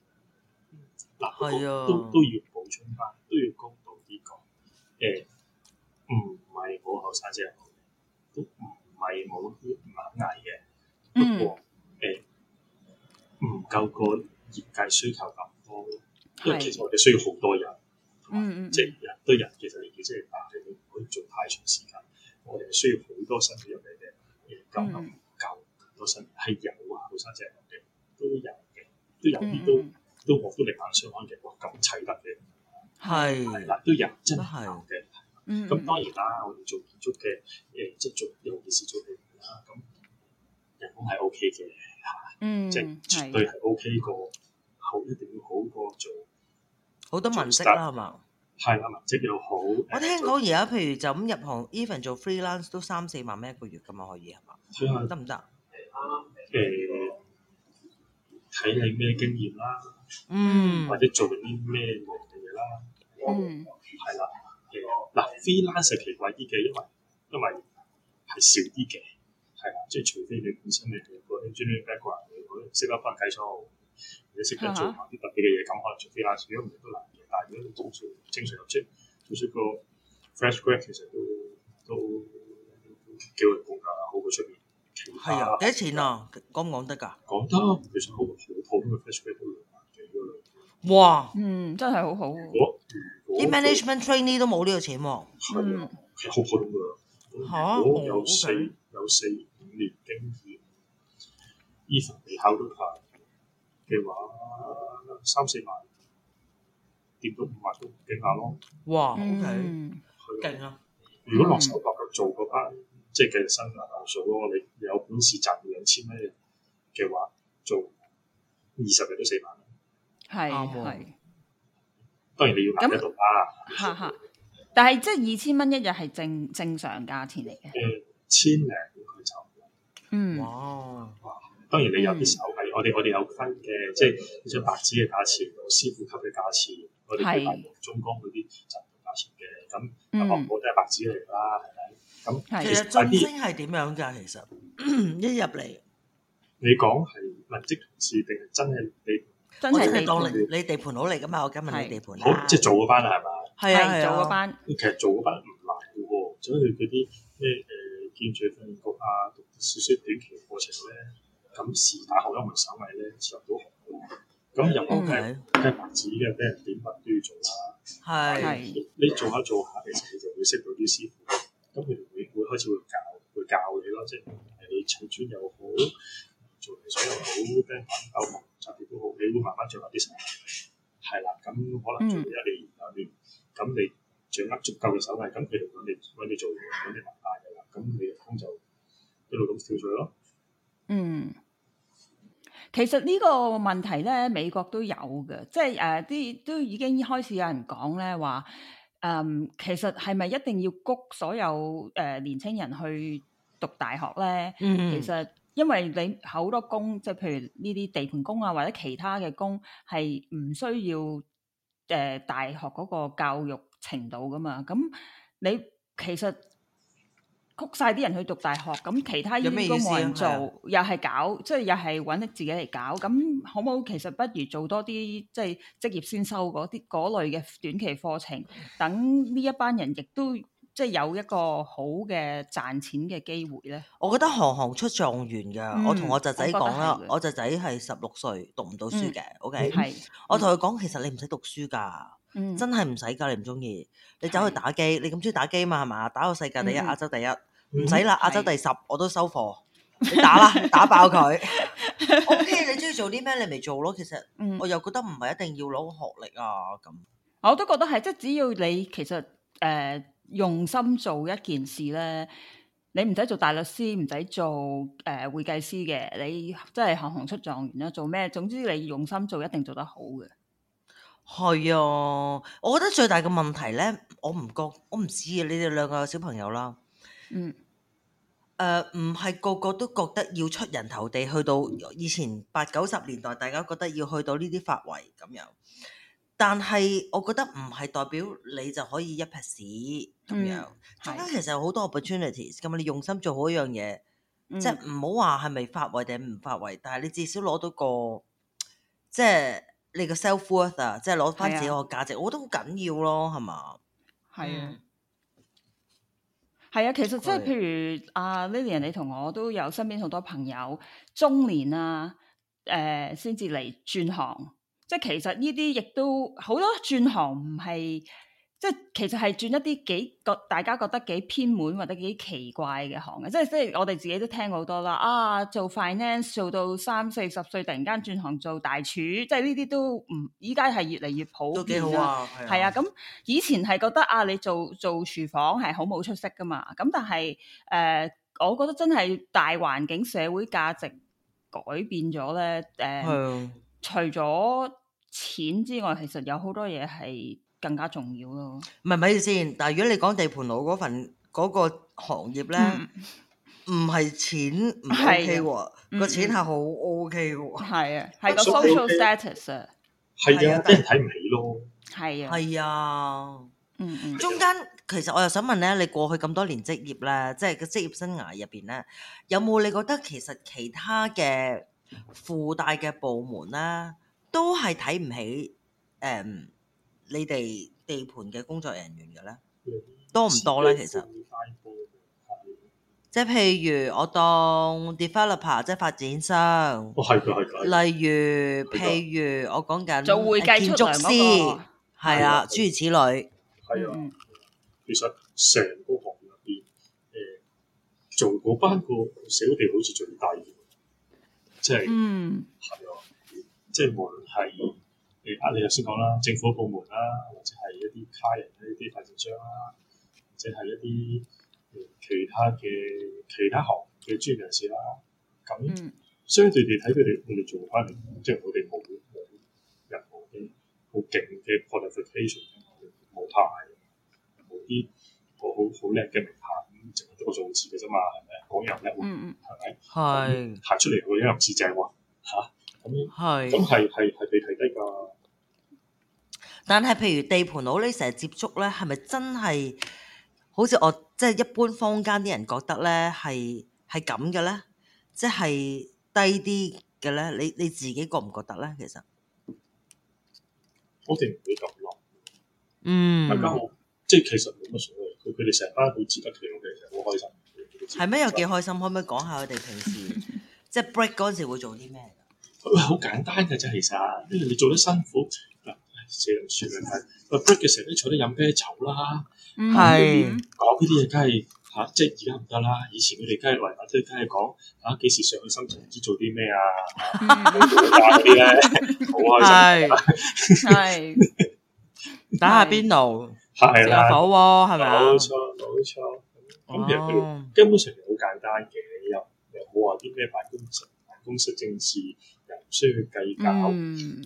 嗱，係啊，都都要補充翻，都要公道啲講，誒，唔係冇後生仔，都唔係冇猛毅嘅，不過誒唔夠個業界需求咁多咯，因為其實我哋需要好多人。即係人對人，其實你亦即係，但係你唔可以做太長時間。我哋係需要好多新血入嚟嘅，誒，夠唔夠？好多新血係有啊，後生仔嚟嘅都有嘅，都有啲都都我都力挽相安嘅，我咁砌得嘅。係係啦，都有真係嘅。嗯，咁當然啦，我哋做建築嘅，誒，即係做尤其是做地嘅啦。咁人工係 O K 嘅，吓，即係絕對係 O K 過，好一定要好過做。好多文職啦，係嘛做 start？係啦，文職又好。我聽講而家譬如就咁入行，even 做 freelance 都三四萬蚊一個月㗎嘛，可以係嘛？得唔得？誒看，睇、嗯、你咩經驗啦，嗯，或者做啲咩嘢嘅嘢啦，嗯，係啦，嗱 freelance 係奇怪啲嘅，因為因為係少啲嘅，係啦，即係除非你本身你有個 engineering background，你識得翻計數，或者識得做啲特別嘅嘢，咁可能 freelance 如果唔正常入職，讀、就、書、是、個 fresh graduate 其實都都幾好嘅，好過出面其他幾、啊、多錢啊？講唔講得㗎、啊？講得其實好普通嘅 fresh graduate 兩萬幾嘅啦。哇，嗯，真係好好、啊、嘅。management trainee 都冇呢個錢喎、啊，係係好普通㗎。嚇，我有四 Okay. 有四五年經驗，even 你考到牌嘅話，三、呃、四萬。下咯，哇，好勁啊！如果落手落腳做嗰班，即係計日薪啊，流水咯，你有本事賺兩千蚊嘅嘅話，做二十日都四萬。係係，當然你要捱得到啦。哈哈，但係即係二千蚊一日係正正常價錢嚟嘅。千零佢就嗯哇哇，當然你有啲時候係我哋我哋有分嘅，即係一張白紙嘅價錢，老師傅級嘅價錢。係中江嗰啲資質嘅。咁學府都係白紙嚟啦，係、嗯、咪？咁其實晉升係點樣㗎？其實 <coughs> 一入嚟，你講係文職同事定係真係你？真係當你地盤佬嚟㗎嘛？我今問你地盤。好，即係做嗰班係咪？係啊，做嗰班。其實做嗰班唔難嘅喎，走佢嗰啲咩誒建築訓練局啊，讀少少短期課程咧，咁是大學一門手藝咧，上到都。咁入屋砌砌白紙嘅，畀人點乜都要做啦。係是，你做下做下，其實你就會識到啲師傅。咁佢哋會會開始會教，會教你咯。即係你砌磚又好，做泥水又好，跟人揼木、拆鐵骨好，你會慢慢掌握啲手藝。係啦，咁可能做你一年兩年，咁、嗯、你掌握足夠嘅手藝，咁佢哋揾你你做，揾你麻煩嘅啦。咁你工就一路咁跳升咗。其實呢個問題咧，美國都有嘅，即係誒啲都已經開始有人講咧話，誒、嗯、其實係咪一定要谷所有誒、呃、年輕人去讀大學咧？嗯、其實因為你好多工，即係譬如呢啲地盤工啊，或者其他嘅工係唔需要誒、呃、大學嗰個教育程度噶嘛。咁你其實。屈曬啲人去讀大學，咁其他嘢都冇人做，啊、又係搞，即、就、係、是、又係揾自己嚟搞。咁好唔好？其實不如做多啲即係職業先修嗰啲嗰類嘅短期課程，等呢一班人亦都即係、就是、有一個好嘅賺錢嘅機會咧。我覺得行行出狀元㗎。嗯、我同我侄仔講啦，我侄仔係十六歲讀唔到書嘅。OK，我同佢講，嗯、其實你唔使讀書㗎。嗯、真係唔使噶，你唔中意，你走去打機，是你咁中意打機嘛係嘛，打到世界第一，嗯、亞洲第一，唔使啦，是亞洲第十我都收貨，你打啦， <laughs> 打爆佢。 <laughs> o、okay, K，你中意做啲咩，你咪做咯。其實，嗯、我又覺得唔係一定要攞學歷啊。咁，我都覺得係，即係只要你其實誒、呃、用心做一件事呢，你唔使做大律師，唔使做誒、呃、會計師嘅，你真係行行出狀元啦。做咩，總之你用心做，一定做得好嘅。係啊，我覺得最大嘅問題咧，我唔覺，我唔知啊。你哋兩個小朋友啦，嗯，誒、呃，唔係個個都覺得要出人頭地，去到以前八九十年代，大家覺得要去到呢啲發圍咁樣。但係我覺得唔係代表你就可以一拍屎咁樣。中間、嗯、其實好多 opportunities，咁你用心做好一樣嘢，嗯、即係唔好話係咪發圍定唔發圍，但係你至少攞到個，即係。你個 self worth 啊，即係攞翻自己個價值，係啊、我覺得好緊要咯，係嘛？係係啊，係、嗯、啊，其實即係譬如阿、啊、Lily，你同我都有身邊好多朋友中年啊，誒先至嚟轉行，即係其實呢啲亦都好多轉行唔係。即係其實係轉一啲幾覺大家覺得幾偏門或者幾奇怪嘅行嘅，即係即係我哋自己都聽過好多啦。啊，做 finance 做到三四十歲，突然間轉行做大廚，即係呢啲都唔依家係越嚟越普遍啦。係啊，咁以前係覺得啊，你做做廚房係好冇出息噶嘛。咁但係誒、呃，我覺得真係大環境社會價值改變咗咧。誒、呃，的除咗錢之外，其實有好多嘢係，更加重要咯。唔係咪？係先，但係如果你講地盤佬嗰份嗰、嗰個行業咧，唔係、嗯、錢唔 OK 喎，個的、嗯、錢係好 OK 喎。係啊，係個 social status。啊。係啊，啲人睇唔起咯。係啊，係啊，的嗯嗯。中間其實我又想問咧，你過去咁多年職業咧，即係個職業生涯入邊咧，有冇你覺得其實其他嘅附帶嘅部門咧，都係睇唔起誒？嗯你哋地盤嘅工作人員嘅咧，多唔多咧？其實即係譬如我當 developer，即係發展商。係例如，嘅譬如我講緊建築師，係啊、那個，諸如此類。係啊，嗯、其實成個行業入邊，誒、呃，做嗰班個小地好似最低、即係嗯，即係，係即係無論係。啊！你頭先講啦，政府部門啦，或者係一啲卡人咧、一啲發展商啦，或者係一啲、嗯、其他嘅其他行嘅專業人士啦。咁相對地睇佢哋，我哋、嗯、做翻嚟，即係我哋冇任何啲好勁嘅 q u a l i f i c a t i o n 嘅模派，冇啲好好好叻嘅名牌，咁淨係得個數字嘅啫嘛，係咪講又叻？嗯嗯，係咪吧？係行是出嚟，我已經唔似正喎，係咁，係係係被提低噶。但係，譬如地盤佬你成日接觸咧，係咪真係好似我即係、就是、一般坊間啲人覺得咧，係係咁嘅咧？即係低啲嘅咧？你你自己覺唔覺得咧？其實我哋唔會咁諗，嗯，大家好，即係、就是、其實冇乜所謂。佢佢哋成班好自得其我哋成日好開心。係咩？有幾開心？可唔可以講下佢哋平時即係 <laughs> break 嗰陣時會做啲咩？好簡單嘅啫，其實你做得辛苦，寫文書啊，break 嘅時候都坐喺度飲啤酒啦。係講呢啲嘢，梗係吓，即係而家唔得啦。以前佢哋梗係圍埋都，梗係講吓，幾時上去深圳唔知做啲咩啊？嗰啲咧，好開心。係打下邊爐，食下火鍋，係咪？冇錯，冇錯。咁其實佢哋根本上係好簡單嘅，又又冇話啲咩辦公室辦公室政治。需要計較誒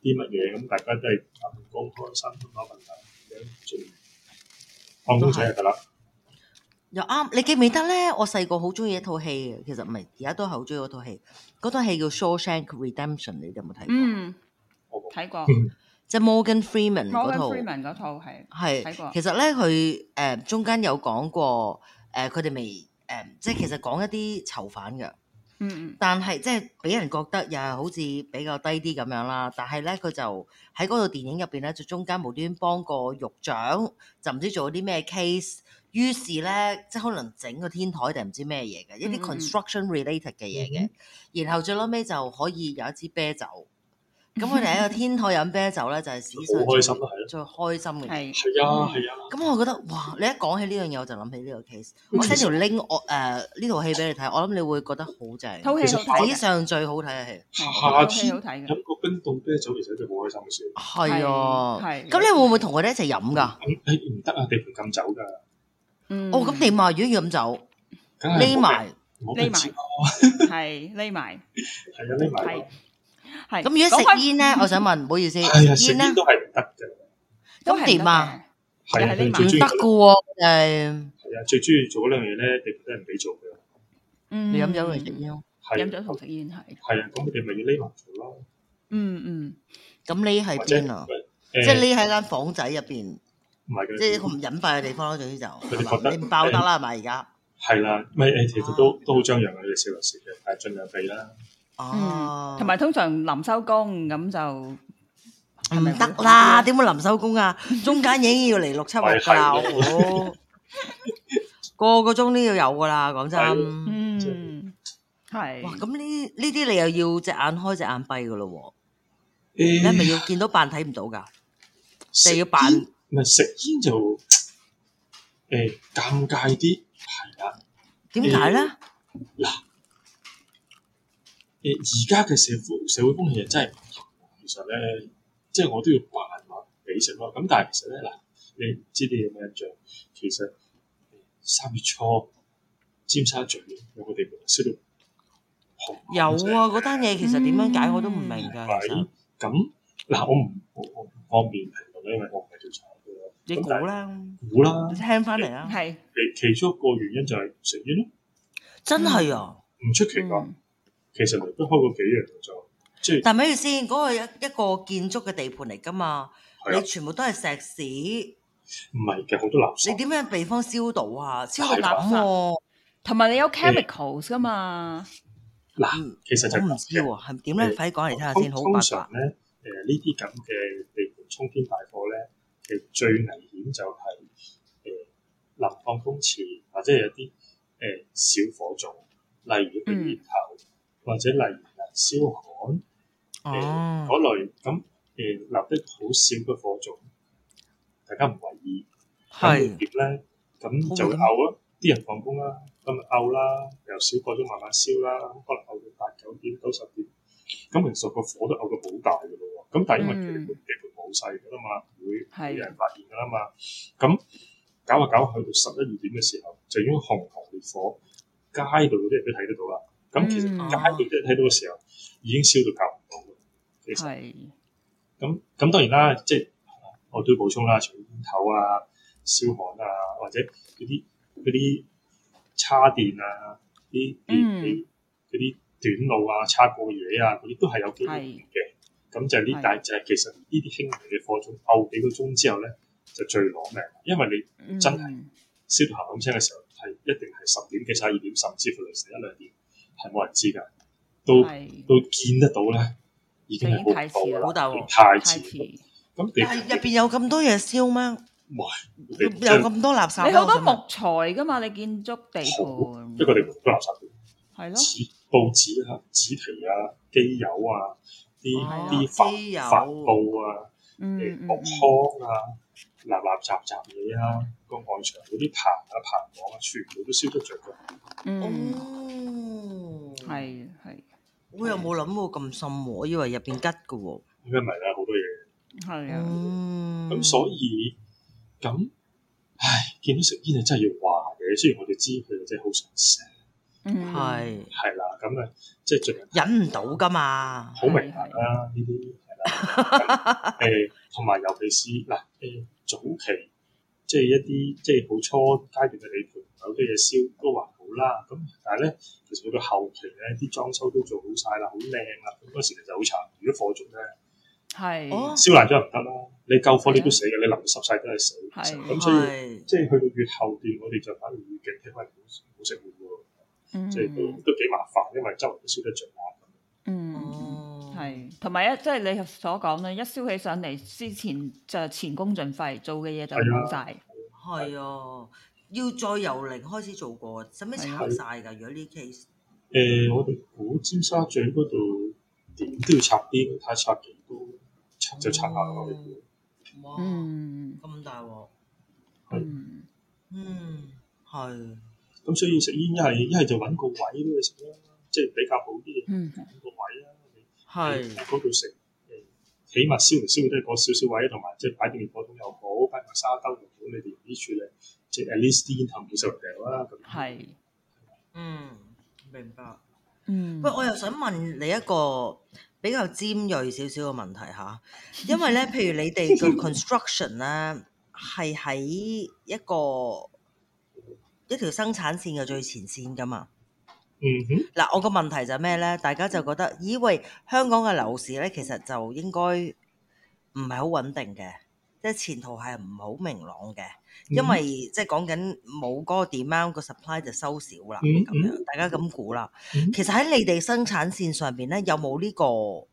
啲乜嘢？咁大家都係咁高開心咁多問題，咁最放空睇就得啦。又啱，你記唔記得咧？我細個好中意一套戲嘅，其實唔係，而家都係好中意嗰套戲。嗰套戲叫《Shawshank Redemption》，你哋有冇睇過？嗯，睇過。即係 Morgan Freeman 嗰套。Morgan Freeman 嗰套係。係。睇過。其實咧，佢誒中間有講過誒，佢哋未誒，即係其實講一啲囚犯嘅。但係即係俾人覺得又係好似比較低啲咁樣啦。但係咧，佢就喺嗰套電影入邊咧，就中間無端幫個獄長，就唔知做咗啲咩 case。於是咧，即係可能整個天台定唔知咩嘢嘅一啲 construction related 嘅嘢嘅。Mm hmm. 然後最撈尾就可以有一支啤酒。咁我哋喺個天台飲啤酒咧，就係史上最開心嘅嘢。係啊係啊！咁我覺得哇，你一講起呢樣嘢，我就諗起呢個 case。我 send 條 link 我誒呢套戲俾你睇，我諗你會覺得好正。史上最好睇嘅戲，夏天飲個冰凍啤酒其實就好開心少。係啊係。咁你會唔會同佢哋一齊飲噶誒，唔得啊，地盤禁酒噶。嗯。哦咁，地埋如果要飲酒，匿埋匿埋，係匿埋。係啊，匿埋。咁如果食煙咧，我想問，唔好意思，煙咧都係唔得嘅。咁點啊？係啊，我最中意唔得嘅喎，誒，係啊，最中意做嗰兩樣嘢咧，特別啲人唔俾做嘅。嗯，飲酒同食煙。飲酒同食煙係。係啊，咁你咪要匿埋住咯。嗯嗯，咁匿喺邊啊？即係匿喺間房仔入邊，即係一個唔隱蔽嘅地方咯。總之就，你唔爆得啦，係咪而家？係啦，咪其實都都好張揚嘅，食食食嘅，但係盡量避啦。嗯，同埋通常臨收工咁就係咪得啦，點會臨收工啊？中間已經要嚟六七個鐘，個個鐘都要有噶啦，講真。嗯，係。哇，咁呢呢啲你又要隻眼開隻眼閉噶咯？你係咪要見到扮睇唔到噶？食煙，唔係食煙就誒尷尬啲，係啦。點解咧？嗱。而家嘅社會社會風氣啊，真係唔同，其實咧，即係我都要扮話理性咯。咁但係其實咧嗱，你唔知你有咩印象？其實三月初，尖沙咀有個地方燒到紅，有啊！嗰單嘢其實點樣解我都唔明㗎。咁嗱，我唔我我唔方便評論，因為我唔係調查嘅。你估啦，估啦，聽翻嚟啦，係。其其中一個原因就係食煙咯，真係啊，唔出奇㗎。其實都開過幾樣咗、就係，即係但係咪住先嗰個一一個建築嘅地盤嚟㗎嘛，你全部都係石屎，唔係嘅好多樓。你點樣地方燒到啊？消毒淋濕，同埋你有 chemical 㗎嘛？嗱、欸，其實就係 <noise> 嗯、我唔知喎、啊，係點咧？快啲講嚟睇下先，好八卦。通常咧，誒呢啲咁嘅地盤沖天大火咧，其實最危險就係誒臨放工前或者有啲誒小火種，例如啲煙頭。或者例如啊燒焊，誒嗰、oh. 呃、類咁誒立得好少嘅火種，大家唔為意，咁熱咧，咁就會嘔咯，啲的人放工啦，咁咪嘔啦，由少過咗慢慢燒啦，可能嘔到八九點、九十點，咁其實個火都嘔到好大嘅咯喎，咁但係因為佢基本冇晒噶啦嘛，會，的會有人發現噶啦嘛，咁搞下搞去到十一二點嘅時候，就已經紅紅烈火，街道嗰啲人都睇得到啦。咁、嗯啊、其實解佢即係睇到嘅時候，已經燒到夠。係、嗯。咁、嗯、咁當然啦，即係我都補充啦，除咗煙頭啊、燒焊啊，或者嗰啲啲叉電啊、啲啲嗰啲短路啊、叉過嘢啊，嗰啲都係有機會嘅。咁是就呢，是但係就係其實呢啲輕微嘅火種，熬幾個鐘之後咧，就最攞命，因為你真係燒到咁青嘅時候，係一定係十點幾、十二點，甚至乎凌晨一兩點。係冇人知噶，都都見得到咧，已經係好老啦，太遲。咁地入邊有咁多嘢燒咩？唔係，有咁多垃圾。你好多木材噶嘛，你建築地盤，一個你冇咁多垃圾。係咯，紙、報紙啊、紙皮啊、機油啊、啲啲發發布啊、木糠啊。垃垃雜雜嘢啊，個外牆嗰啲棚啊、棚網啊，全部都燒得着嘅。嗯，係係。我又冇諗過咁深，我以為入邊吉嘅。唔咪啦，好多嘢。係啊。咁所以咁，唉些，見到食煙啊，真係要話嘅。雖然我哋知佢哋真係好想食。嗯、哎，係。係啦，咁啊，即係最近。忍唔到噶嘛？好明顯啦，呢啲係啦。誒，同埋尤其是嗱。早期即係一啲即係好初階段嘅地盤，有好多嘢燒都還好啦。咁但係咧，其實去到後期咧，啲裝修都做好晒啦，好靚啦。嗰時其實好慘，如果火燭咧，係是、哦、燒爛咗唔得啦。你救火你都死嘅，的你淋濕晒都係死。咁所以即係的去到越後段，我哋就反而越警惕，因為好食苦喎。即係都都幾麻煩，因為周圍都燒得著眼。嗯。嗯。係，同埋一即係你所講咧，一燒起上嚟之前就前功盡廢，做嘅嘢就冇晒。係啊，啊啊要再由零開始做過，使咩、啊、拆晒㗎？如果呢 case？誒，我哋估尖沙咀嗰度點都要拆啲，睇拆幾多，拆就拆下咯、嗯。哇！咁大鑊。嗯，係。咁所以食煙一係一係就揾個位畀佢食啦，即、就、係、是、比較好啲。嗯。係，如果食，誒起碼燒嚟燒去都係嗰少少位，同埋即係擺啲滅火筒又好，擺埋沙兜又好，你哋唔處理，即係 at least 啲，煙頭唔使咁啦。係，嗯，嗯，明白，嗯，喂，我又想問你一個比較尖鋭少少嘅問題嚇、啊，因為咧，譬如你哋嘅 construction 咧，係喺 <laughs> 一個一條生產線嘅最前線㗎嘛。嗯哼，嗱，我個問題就係咩咧？大家就覺得，以為香港嘅樓市咧，其實就應該唔係好穩定嘅，即係前途係唔係好明朗嘅，因為即係講緊冇嗰個 demand，個 supply 就收少啦咁樣，大家咁估啦。其實喺你哋生產線上邊咧，有冇呢個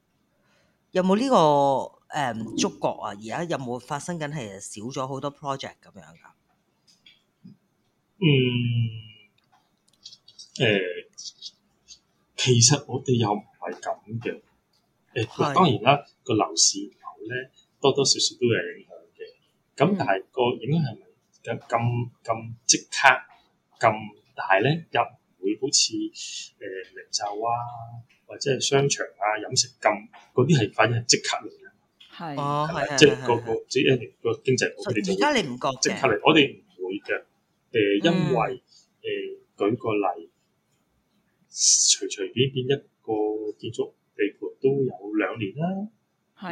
有冇呢個誒觸角啊？而家有冇發生緊係少咗好多 project 咁樣㗎？嗯，誒。其實我哋又唔係咁嘅，誒當然啦，個樓市樓咧多多少少都有影響嘅。咁但係個影響係咪咁咁咁即刻咁大咧？又唔會好似誒零售啊，或者係商場啊、飲食咁嗰啲係反而係即刻嚟嘅。係哦，係啊，即係個個即係個經濟我哋而家你唔覺即刻嚟，我哋唔會嘅。誒因為誒舉個例。隨隨便便一個建築地盤都有兩年啦，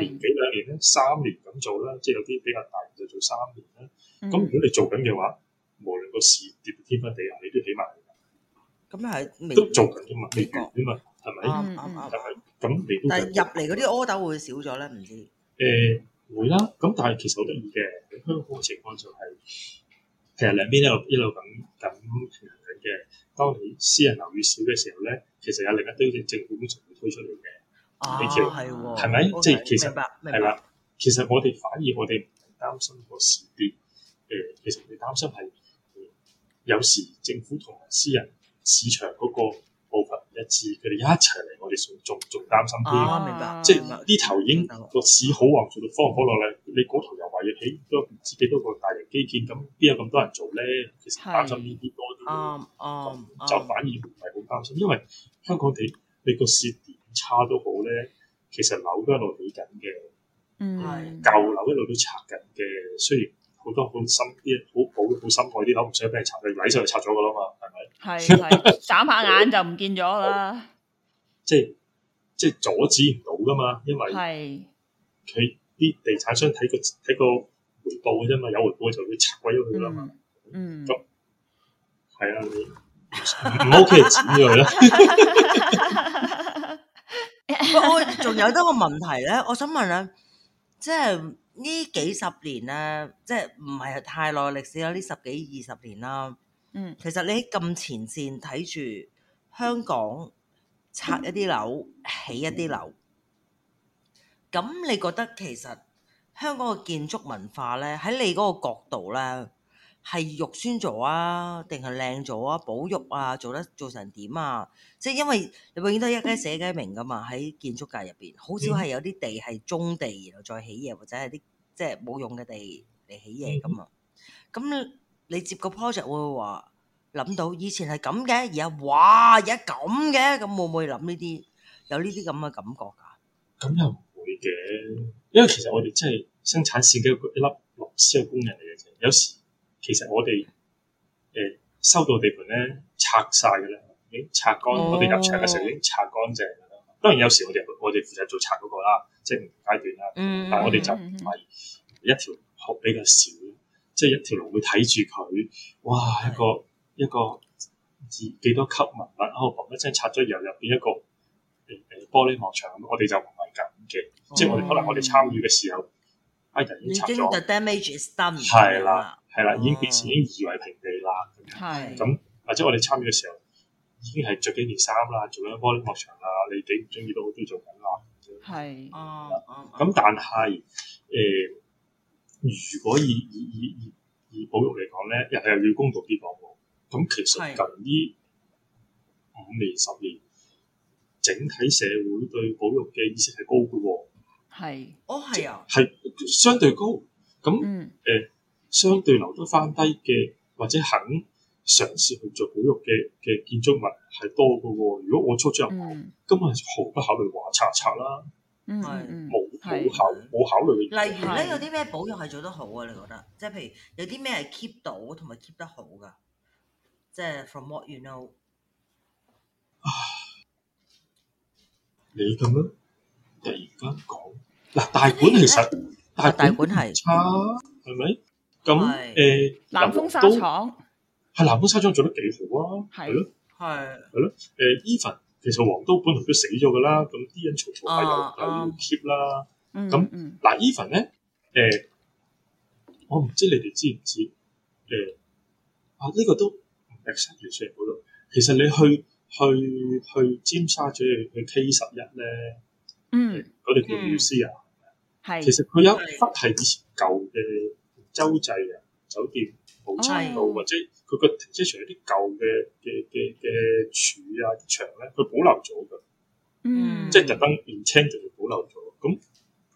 年幾兩年咧，三年咁做啦，即係有啲比較大就做三年啦。咁如果你做緊嘅話，無論個市跌到天翻地覆，你都起埋。咁係都做緊噶嘛？未啊嘛？係咪？咁但係咁你但係入嚟嗰啲柯打會少咗咧？唔知誒會啦。咁但係其實好得意嘅，喺香港嘅情況就係，其實兩邊一路一路咁咁。嘅，當你私人樓越少嘅時候咧，其實有另一堆嘅政府工程會推出嚟嘅。啊，係喎，係咪？即係其實係啦。其實我哋反而我哋唔係擔心個市跌。誒、呃，其實我哋擔心係、呃、有時政府同埋私人市場嗰個部分一致，佢哋一齊嚟，我哋仲仲仲擔心啲。我、啊、明白，即係呢白頭已經個市好旺，做到方唔科落咧。嗯你嗰頭又話要起都唔知幾多個大型基建，咁邊有咁多人做咧？其實擔心呢啲多啲，就反而唔係好擔心，因為香港地你個市道差都好咧，其實樓都一路起緊嘅，嗯，舊樓一路都拆緊嘅。雖然好多好深啲好好好深海啲樓唔想俾人拆，你擺上去拆咗噶啦嘛，係咪？係眨下眼就唔見咗啦。即係即係阻止唔到噶嘛，因為佢。啲地產商睇個睇個回報嘅啫嘛，有回報就要拆鬼咗佢啦嘛。嗯，咁，係啊，唔好企人 k 咗佢啦。我仲有得個問題咧，我想問下，即係呢幾十年咧，即係唔係太耐歷史啦，呢十幾二十年啦。嗯，其實你喺咁前線睇住香港拆一啲樓，起一啲樓。咁你覺得其實香港嘅建築文化咧，喺你嗰個角度咧，係肉酸做啊，定係靚做啊，保育啊，做得做成點啊？即係因為你永遠都一間寫間名噶嘛，喺建築界入邊好少係有啲地係中地然後再起嘢，或者係啲即係冇用嘅地嚟起嘢噶啊。咁你接個 project 會話諗到以前係咁嘅，而家哇，而家咁嘅咁，會唔會諗呢啲有呢啲咁嘅感覺㗎？咁又？嘅，因為其實我哋真係生產線嘅一個一粒螺絲嘅工人嚟嘅。其實有時其實我哋誒、呃、收到地盤咧拆晒㗎喇，已經拆乾、哦、我哋入場嘅時候已經拆乾淨㗎喇。當然有時我哋我哋負責做拆嗰、那個啦，即係唔同階段啦，嗯、但係我哋就唔係一條學比較少，即係一條龍會睇住佢。哇，一個一個，一個幾多級文物，我一毫嘣一聲拆咗，然後入邊一個誒誒、呃、玻璃幕牆，我哋就～Okay. 即係我哋可能我哋參與嘅時候，writer、哦、已經拆咗，係啦係啦，已經變成已經夷為平地啦。係咁，或者我哋參與嘅時候，已經係着幾件衫啦，做緊玻璃幕場啦，你幾唔中意都好中意做緊啦。係是樣哦，咁、啊、但係誒、啊啊呃，如果以以以以保育嚟講咧，又係要公道啲講喎。咁其實近呢五年十年。是整體社會對保育嘅意識係高嘅喎，係，哦係啊，係相對高，咁誒相對留得返低嘅或者肯嘗試去做保育嘅嘅建築物係多嘅喎。如果我出咗入長，根本毫不考慮話拆拆啦，冇冇考冇考慮。例如咧，有啲咩保育係做得好啊？你覺得，即係譬如有啲咩係 keep 到同埋 keep 得好嘅，即係 from what you know。你咁樣突然間講嗱，大館其實大大館係差係咪？咁誒，南豐紗廠係南豐紗廠做得幾好啊？係咯，係係咯。誒，Even 其實黃都本來都死咗噶啦，咁啲人嘈嘈又有要 keep 啦。咁嗱，Even 咧誒，我唔知你哋知唔知誒？啊，呢個都唔係成件事度，其實你去。去去尖沙咀去 K 十一咧，嗯，我哋叫妙思啊，係，其實佢有一忽係以前舊嘅洲際啊酒店豪差路或者佢個停車場有啲舊嘅嘅嘅嘅柱啊牆咧，佢保留咗嘅，嗯，即係特登 intend 要保留咗，咁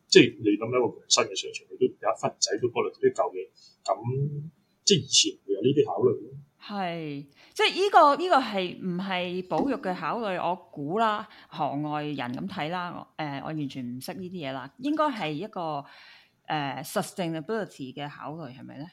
即係你諗一個新嘅商場，你都有一忽仔都保留啲舊嘢，咁即係以前會有呢啲考慮咯。係，即係呢個呢個係唔係保育嘅考慮？我估啦，行外人咁睇啦，誒，我完全唔識呢啲嘢啦，應該係一個誒實證嘅 budget 嘅考慮係咪咧？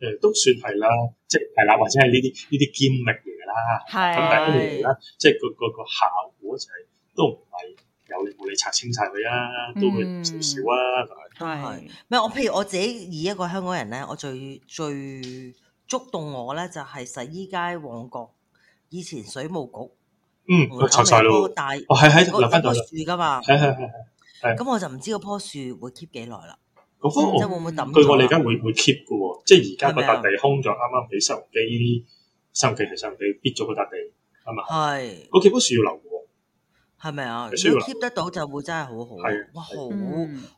誒，都算係啦，即係係啦，或者係呢啲呢啲堅力嚟嘅啦，咁但係當然啦，即係個個個效果就係都唔係有冇你拆清曬佢啊，都會少少啊，係咪？我譬如我自己以一個香港人咧，我最最。觸動我咧就係、是、洗衣街旺角以前水務局，嗯，我查查咯，但係，哦係喺留翻度住噶嘛，係係係係，咁我就唔知嗰棵樹會 keep 幾耐啦。咁、嗯嗯、棵即係會唔會抌、哦？我哋而家會唔會 keep 嘅，即係而家嗰笪地空咗，啱啱俾收機，收機係收機，必咗嗰笪地啊嘛，係嗎，我幾棵樹要留。是是係咪啊？你 keep 得到就會真係好好，哇！好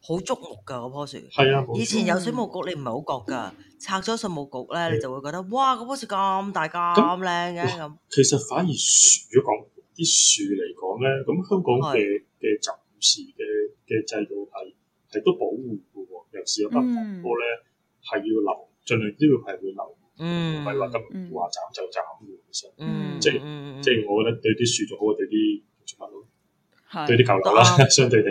好觸目㗎嗰棵樹。係啊！以前有水務局，你唔係好覺㗎。拆咗水務局咧，你就會覺得哇！嗰棵樹咁大咁靚嘅咁。其實反而樹講啲樹嚟講咧，咁香港嘅嘅暫時嘅嘅制度係係都保護嘅喎。有時有不法波咧係要留，儘量都要係會留，唔係話咁話斬就斬，其實即係即係，我覺得對啲樹仲好過對啲係對啲狗狗啦，嗯、相對地，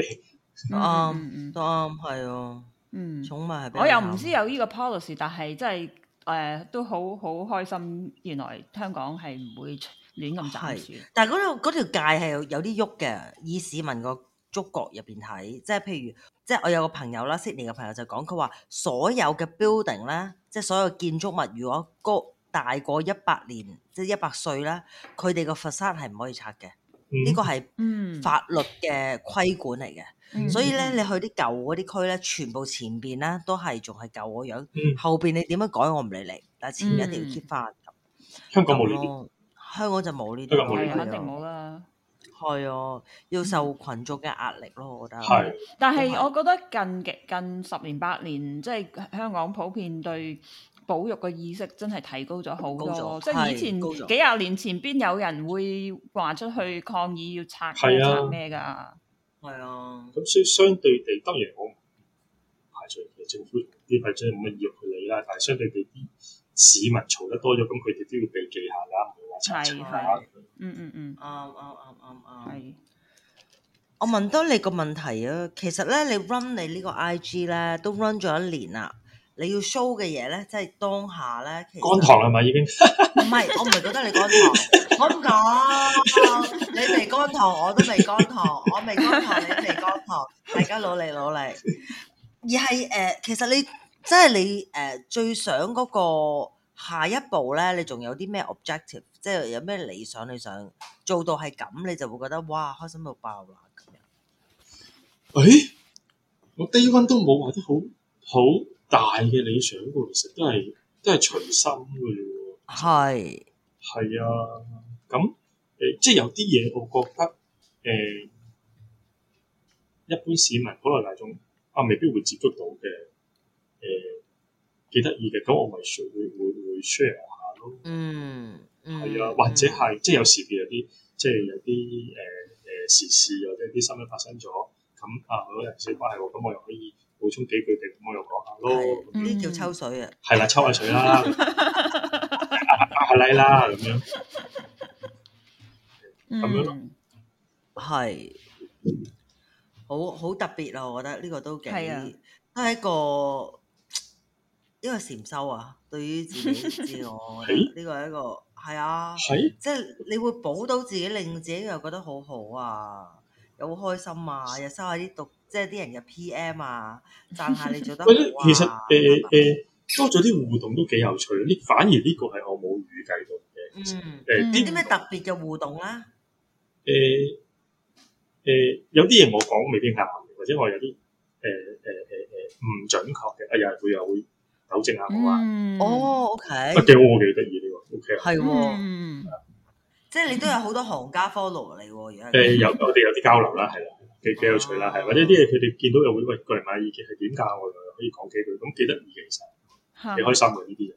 啱啱係啊。嗯，寵物係。我又唔知有呢個 policy，但係真係誒、呃，都好好開心。原來香港係唔會亂咁斬樹。但係嗰度條界係有啲喐嘅，以市民個觸覺入邊睇，即係譬如，即係我有個朋友啦，悉尼嘅朋友就講，佢話，所有嘅 building 咧，即係所有建築物，如果高大過一百年，即係一百歲咧，佢哋個佛山係唔可以拆嘅。呢個係法律嘅規管嚟嘅，嗯、所以咧你去啲舊嗰啲區咧，全部前邊咧都係仲係舊嗰樣，嗯、後邊你點樣改我唔理你，但前一定要 keep 翻。嗯、我香港冇呢啲，香港就冇呢啲，嗯啊、肯定冇啦。係啊，要受群眾嘅壓力咯，我覺得。係，但係我覺得近近十年八年，即係香港普遍對保育嘅意識真係提高咗好多，即係以前幾廿年前邊有人會話出去抗議要拆嘅拆咩㗎？係啊，咁所以相對地，當然我排除嘅政府啲批准冇乜意欲去理啦。但係相對地，啲市民嘈得多咗，咁佢哋都要避記下啦，唔會嗯嗯嗯，啱啱啱啱啱，係。我問多你個問題啊，其實咧，你 run 你呢個 IG 咧，都 run 咗一年啦。你要 show 嘅嘢咧，即係當下咧。乾糖係咪已經？唔 <laughs> 係，我唔係覺得你乾糖， <laughs> 我唔講你未乾糖，我都未乾糖， <laughs> 我未乾糖，你未乾糖，大家努力努力。而係誒、呃，其實你即係你誒、呃，最想嗰個下一步咧，你仲有啲咩 objective？即係有咩理想？你想做到係咁，你就會覺得哇，開心到爆啦！誒、哎，我低温都冇話得好好。大嘅理想喎，其實都係都係隨心嘅啫喎。係係啊，咁誒，即係有啲嘢，我覺得誒，一般市民、可能大眾啊，未必會接觸到嘅誒，幾得意嘅。咁我咪 share 會會 share 下咯。嗯，係啊，或者係即係有時邊有啲即係有啲誒誒時事，或者啲新聞發生咗咁啊，好多人事關係喎，咁我又可以。補充幾句咁，我又講下咯。呢啲叫抽水啊。係啦樣、嗯，抽下水啦， <laughs> 阿阿拉拉拉啦，咁樣，咁樣咯。係、嗯，好好特別啊！我覺得呢個都幾，啊、都係一個，因為禪修啊，對於自己自我，呢個係一個，係 <laughs> 啊，即係、啊就是、你會補到自己，令自己又覺得好好啊。又好開心啊！又收 <noise> 下啲讀，即係啲人嘅 PM 啊，讚下你做得哇、呃！其實誒誒，多咗啲互動都幾有趣。呢反而呢個係我冇預計到嘅。嗯。誒，啲啲咩特別嘅互動啦？誒誒，有啲嘢我講未必啱，或者我有啲誒誒誒誒唔準確嘅，啊又佢又會糾正我啊。哦，OK、呃。啊，哦、esta, 我幾得意呢個 OK 係喎。即係你都有好多行家 follow 你，而家誒有我哋有啲交流啦，係啦，幾幾有趣啦，係或者啲嘢佢哋見到又會喂過嚟買意見係點教我，可以講幾句，咁幾得意其實，幾的開心嘅呢啲嘢，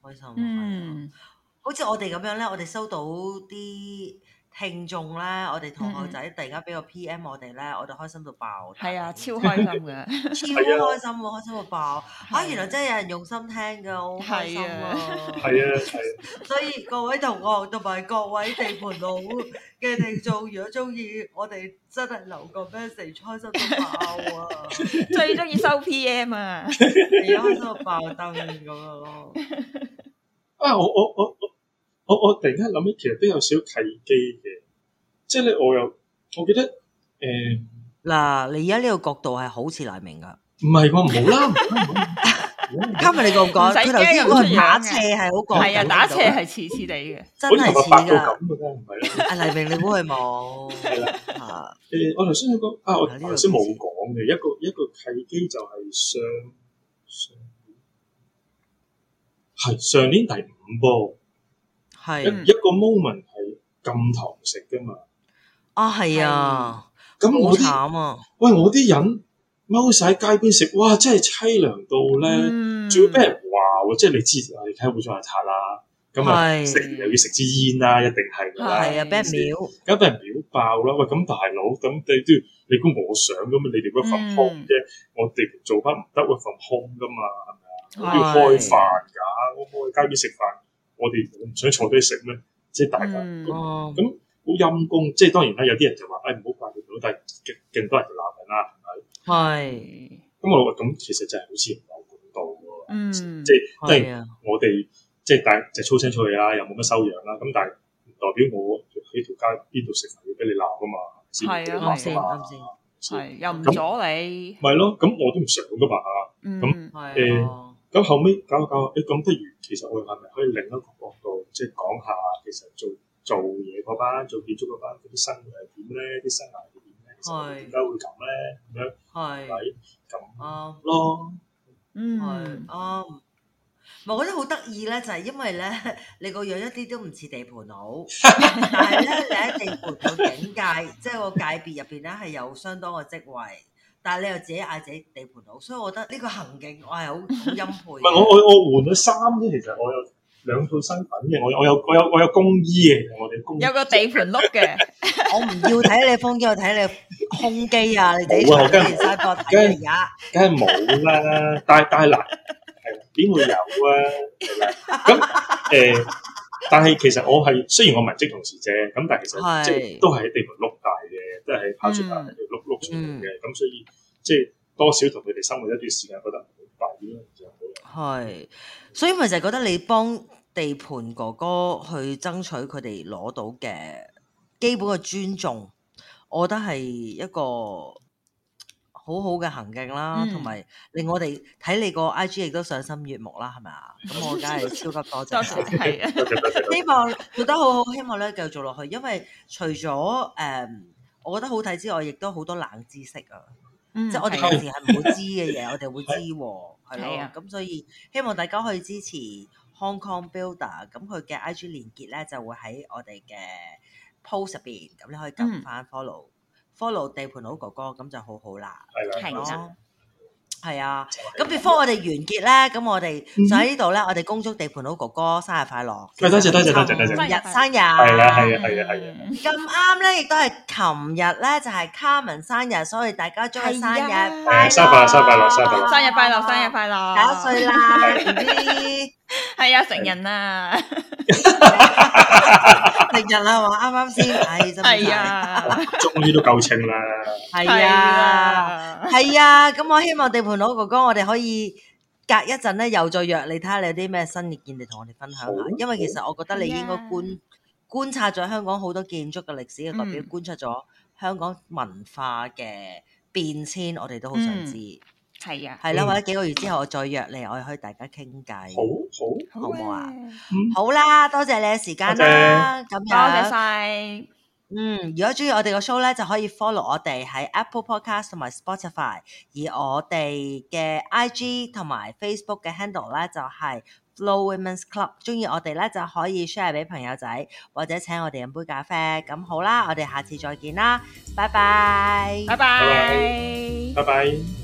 開心。嗯，好似我哋咁樣咧，我哋收到啲。聽眾咧，我哋同學仔突然間俾個 P.M. 我哋咧，我就開心到爆！係啊、嗯，超開心嘅， <laughs> 超開心喎，開心到爆！ <laughs> 啊，原來真係有人用心聽㗎，好開心啊！係啊，所以各位同學同埋各位地盤佬嘅聽眾，如果中意我哋，真係留個 message，開心到爆啊！ <laughs> 最中意收 P.M. 啊，而 <laughs> 家、哎、開心到爆燈咁啊！啊、 <laughs> 哎，我我我。我我我突然間諗起，其實都有少契機嘅，即係咧，我又我記得誒，嗱，你而家呢個角度係好似黎明噶，唔係我唔好啦，今日你講講，唔使驚，嗰個打斜係好講，係啊，打斜係黐黐地嘅，真係黐啦。阿黎明，你估佢冇？誒，我頭先講啊，我頭先冇講嘅，一個一個契機就係上上係上年第五波。係一個 moment 係禁堂食噶嘛？啊係啊，咁、啊、我啲喂我啲人踎晒喺街邊食，哇！真係淒涼到咧，仲要俾人話，即係你知啊，你睇污糟邋遢啦，咁啊食又要食支煙啦，一定係啦，係 Yes, yes, 啊，俾人秒，咁俾人秒爆啦！喂、哎，咁大佬，咁你都要你估我想噶嘛？你哋份空啫、mm.，我哋做翻唔得會份空噶嘛？係咪啊？要開飯噶，我去街邊食飯。我哋唔想坐低食咩？即係大家咁好、嗯哦、陰公，即係當然啦。有啲人就話，誒唔好怪條佬，但係勁多人就鬧人啦。係。咁是 我咁其實就係好似唔夠管道喎。嗯，即係是、啊、我哋即係大就粗聲出去啦、啊，又冇乜修養啦。咁但係代表我喺條街邊度食飯要俾你鬧噶嘛？先講先嘛，係又唔阻你。咪咯吧，咁我都唔想噶嘛。嗯，係以。咁後尾搞下搞下，誒咁不如其實我係咪可以另一個角度，即、就、係、是、講下其實做做嘢嗰班，做建築嗰班嗰啲生活係點咧？啲生涯係點咧？是其實點解會咁咧？咁是樣係咁啱咯。是啊、嗯，啱。唔、啊、我覺得好得意咧，就係、是、因為咧，你個樣一啲都唔似地盤佬， <laughs> 但係咧，你喺地盤嘅境界，即係 <laughs> 個界別入邊咧，係有相當嘅職位。但係你又自己嗌自己地盤佬，所以我覺得呢個行徑我係好好欽佩。唔係 <laughs> 我我我換咗衫咧，其實我有兩套身份嘅，我有我有我有衣我有工衣嘅，我哋工。有個地盤碌嘅， <laughs> 我唔要睇你豐肌，我睇你胸肌啊！你地盤。我睇日生多梗係冇啦，但係但係嗱，係點會有啊？咁誒、呃，但係其實我係雖然我文職同事啫，咁但係其實是即係都係地盤碌大。都係拋出嚟，碌碌出嚟嘅咁，所以即係多少同佢哋生活一段時間，覺得唔抵咯，係。所以咪就係覺得你幫地盤哥哥去爭取佢哋攞到嘅基本嘅尊重，我覺得係一個好好嘅行徑啦，同埋令我哋睇你個 IG 亦都賞心悅目啦，係咪啊？咁我梗係超級多謝，希望做得好好，希望咧繼續落去，因為除咗誒。嗯我覺得好睇之外，亦都好多冷知識啊！嗯、即係我哋平時係唔會知嘅嘢， <laughs> 我哋會知喎，係咯。咁所以希望大家可以支持 Hong Kong Builder，咁佢嘅 IG 連結咧就會喺我哋嘅 post 入邊，咁你可以撳翻 follow、嗯、follow 地盤佬哥哥哥，咁就好好啦，係咯 <laughs> 的。係啊，咁 before 我哋完結咧，咁我哋就喺呢度咧，我哋恭祝地盤佬哥哥生日快樂！多謝多謝多謝多謝，生日生日，係啊係啊係啊！咁啱咧，亦都係琴日咧就係卡文生日，所以大家祝佢生日快，生日、啊，生日快樂，生日快樂，生日快樂，九歲啦，係 <laughs> 啊，成人啊！ <laughs> <laughs> 成日啦，話啱啱先，係真係，終於都夠清啦。係啊，係啊，咁我希望地盤佬哥哥，我哋可以隔一陣咧，又再約你睇下你有啲咩新嘅見地同我哋分享下、嗯。因為其實我覺得你應該觀觀察咗香港好多建築嘅歷史，代表觀察咗香港文化嘅變遷，我哋都好想知。嗯嗯。係啊，係啦，嗯、或者幾個月之後我再約你，我哋可以大家傾偈，好好，好唔好啊？嗯、好啦，多謝你嘅時間啦，咁多謝晒！謝謝嗯，如果中意我哋個 show 咧，就可以 follow 我哋喺 Apple Podcast 同埋 Spotify，而我哋嘅 IG 同埋 Facebook 嘅 handle 咧就係、是、Flow Women’s Club。中意我哋咧就可以 share 俾朋友仔，或者請我哋飲杯咖啡。咁好啦，我哋下次再見啦，拜拜，拜拜，拜拜。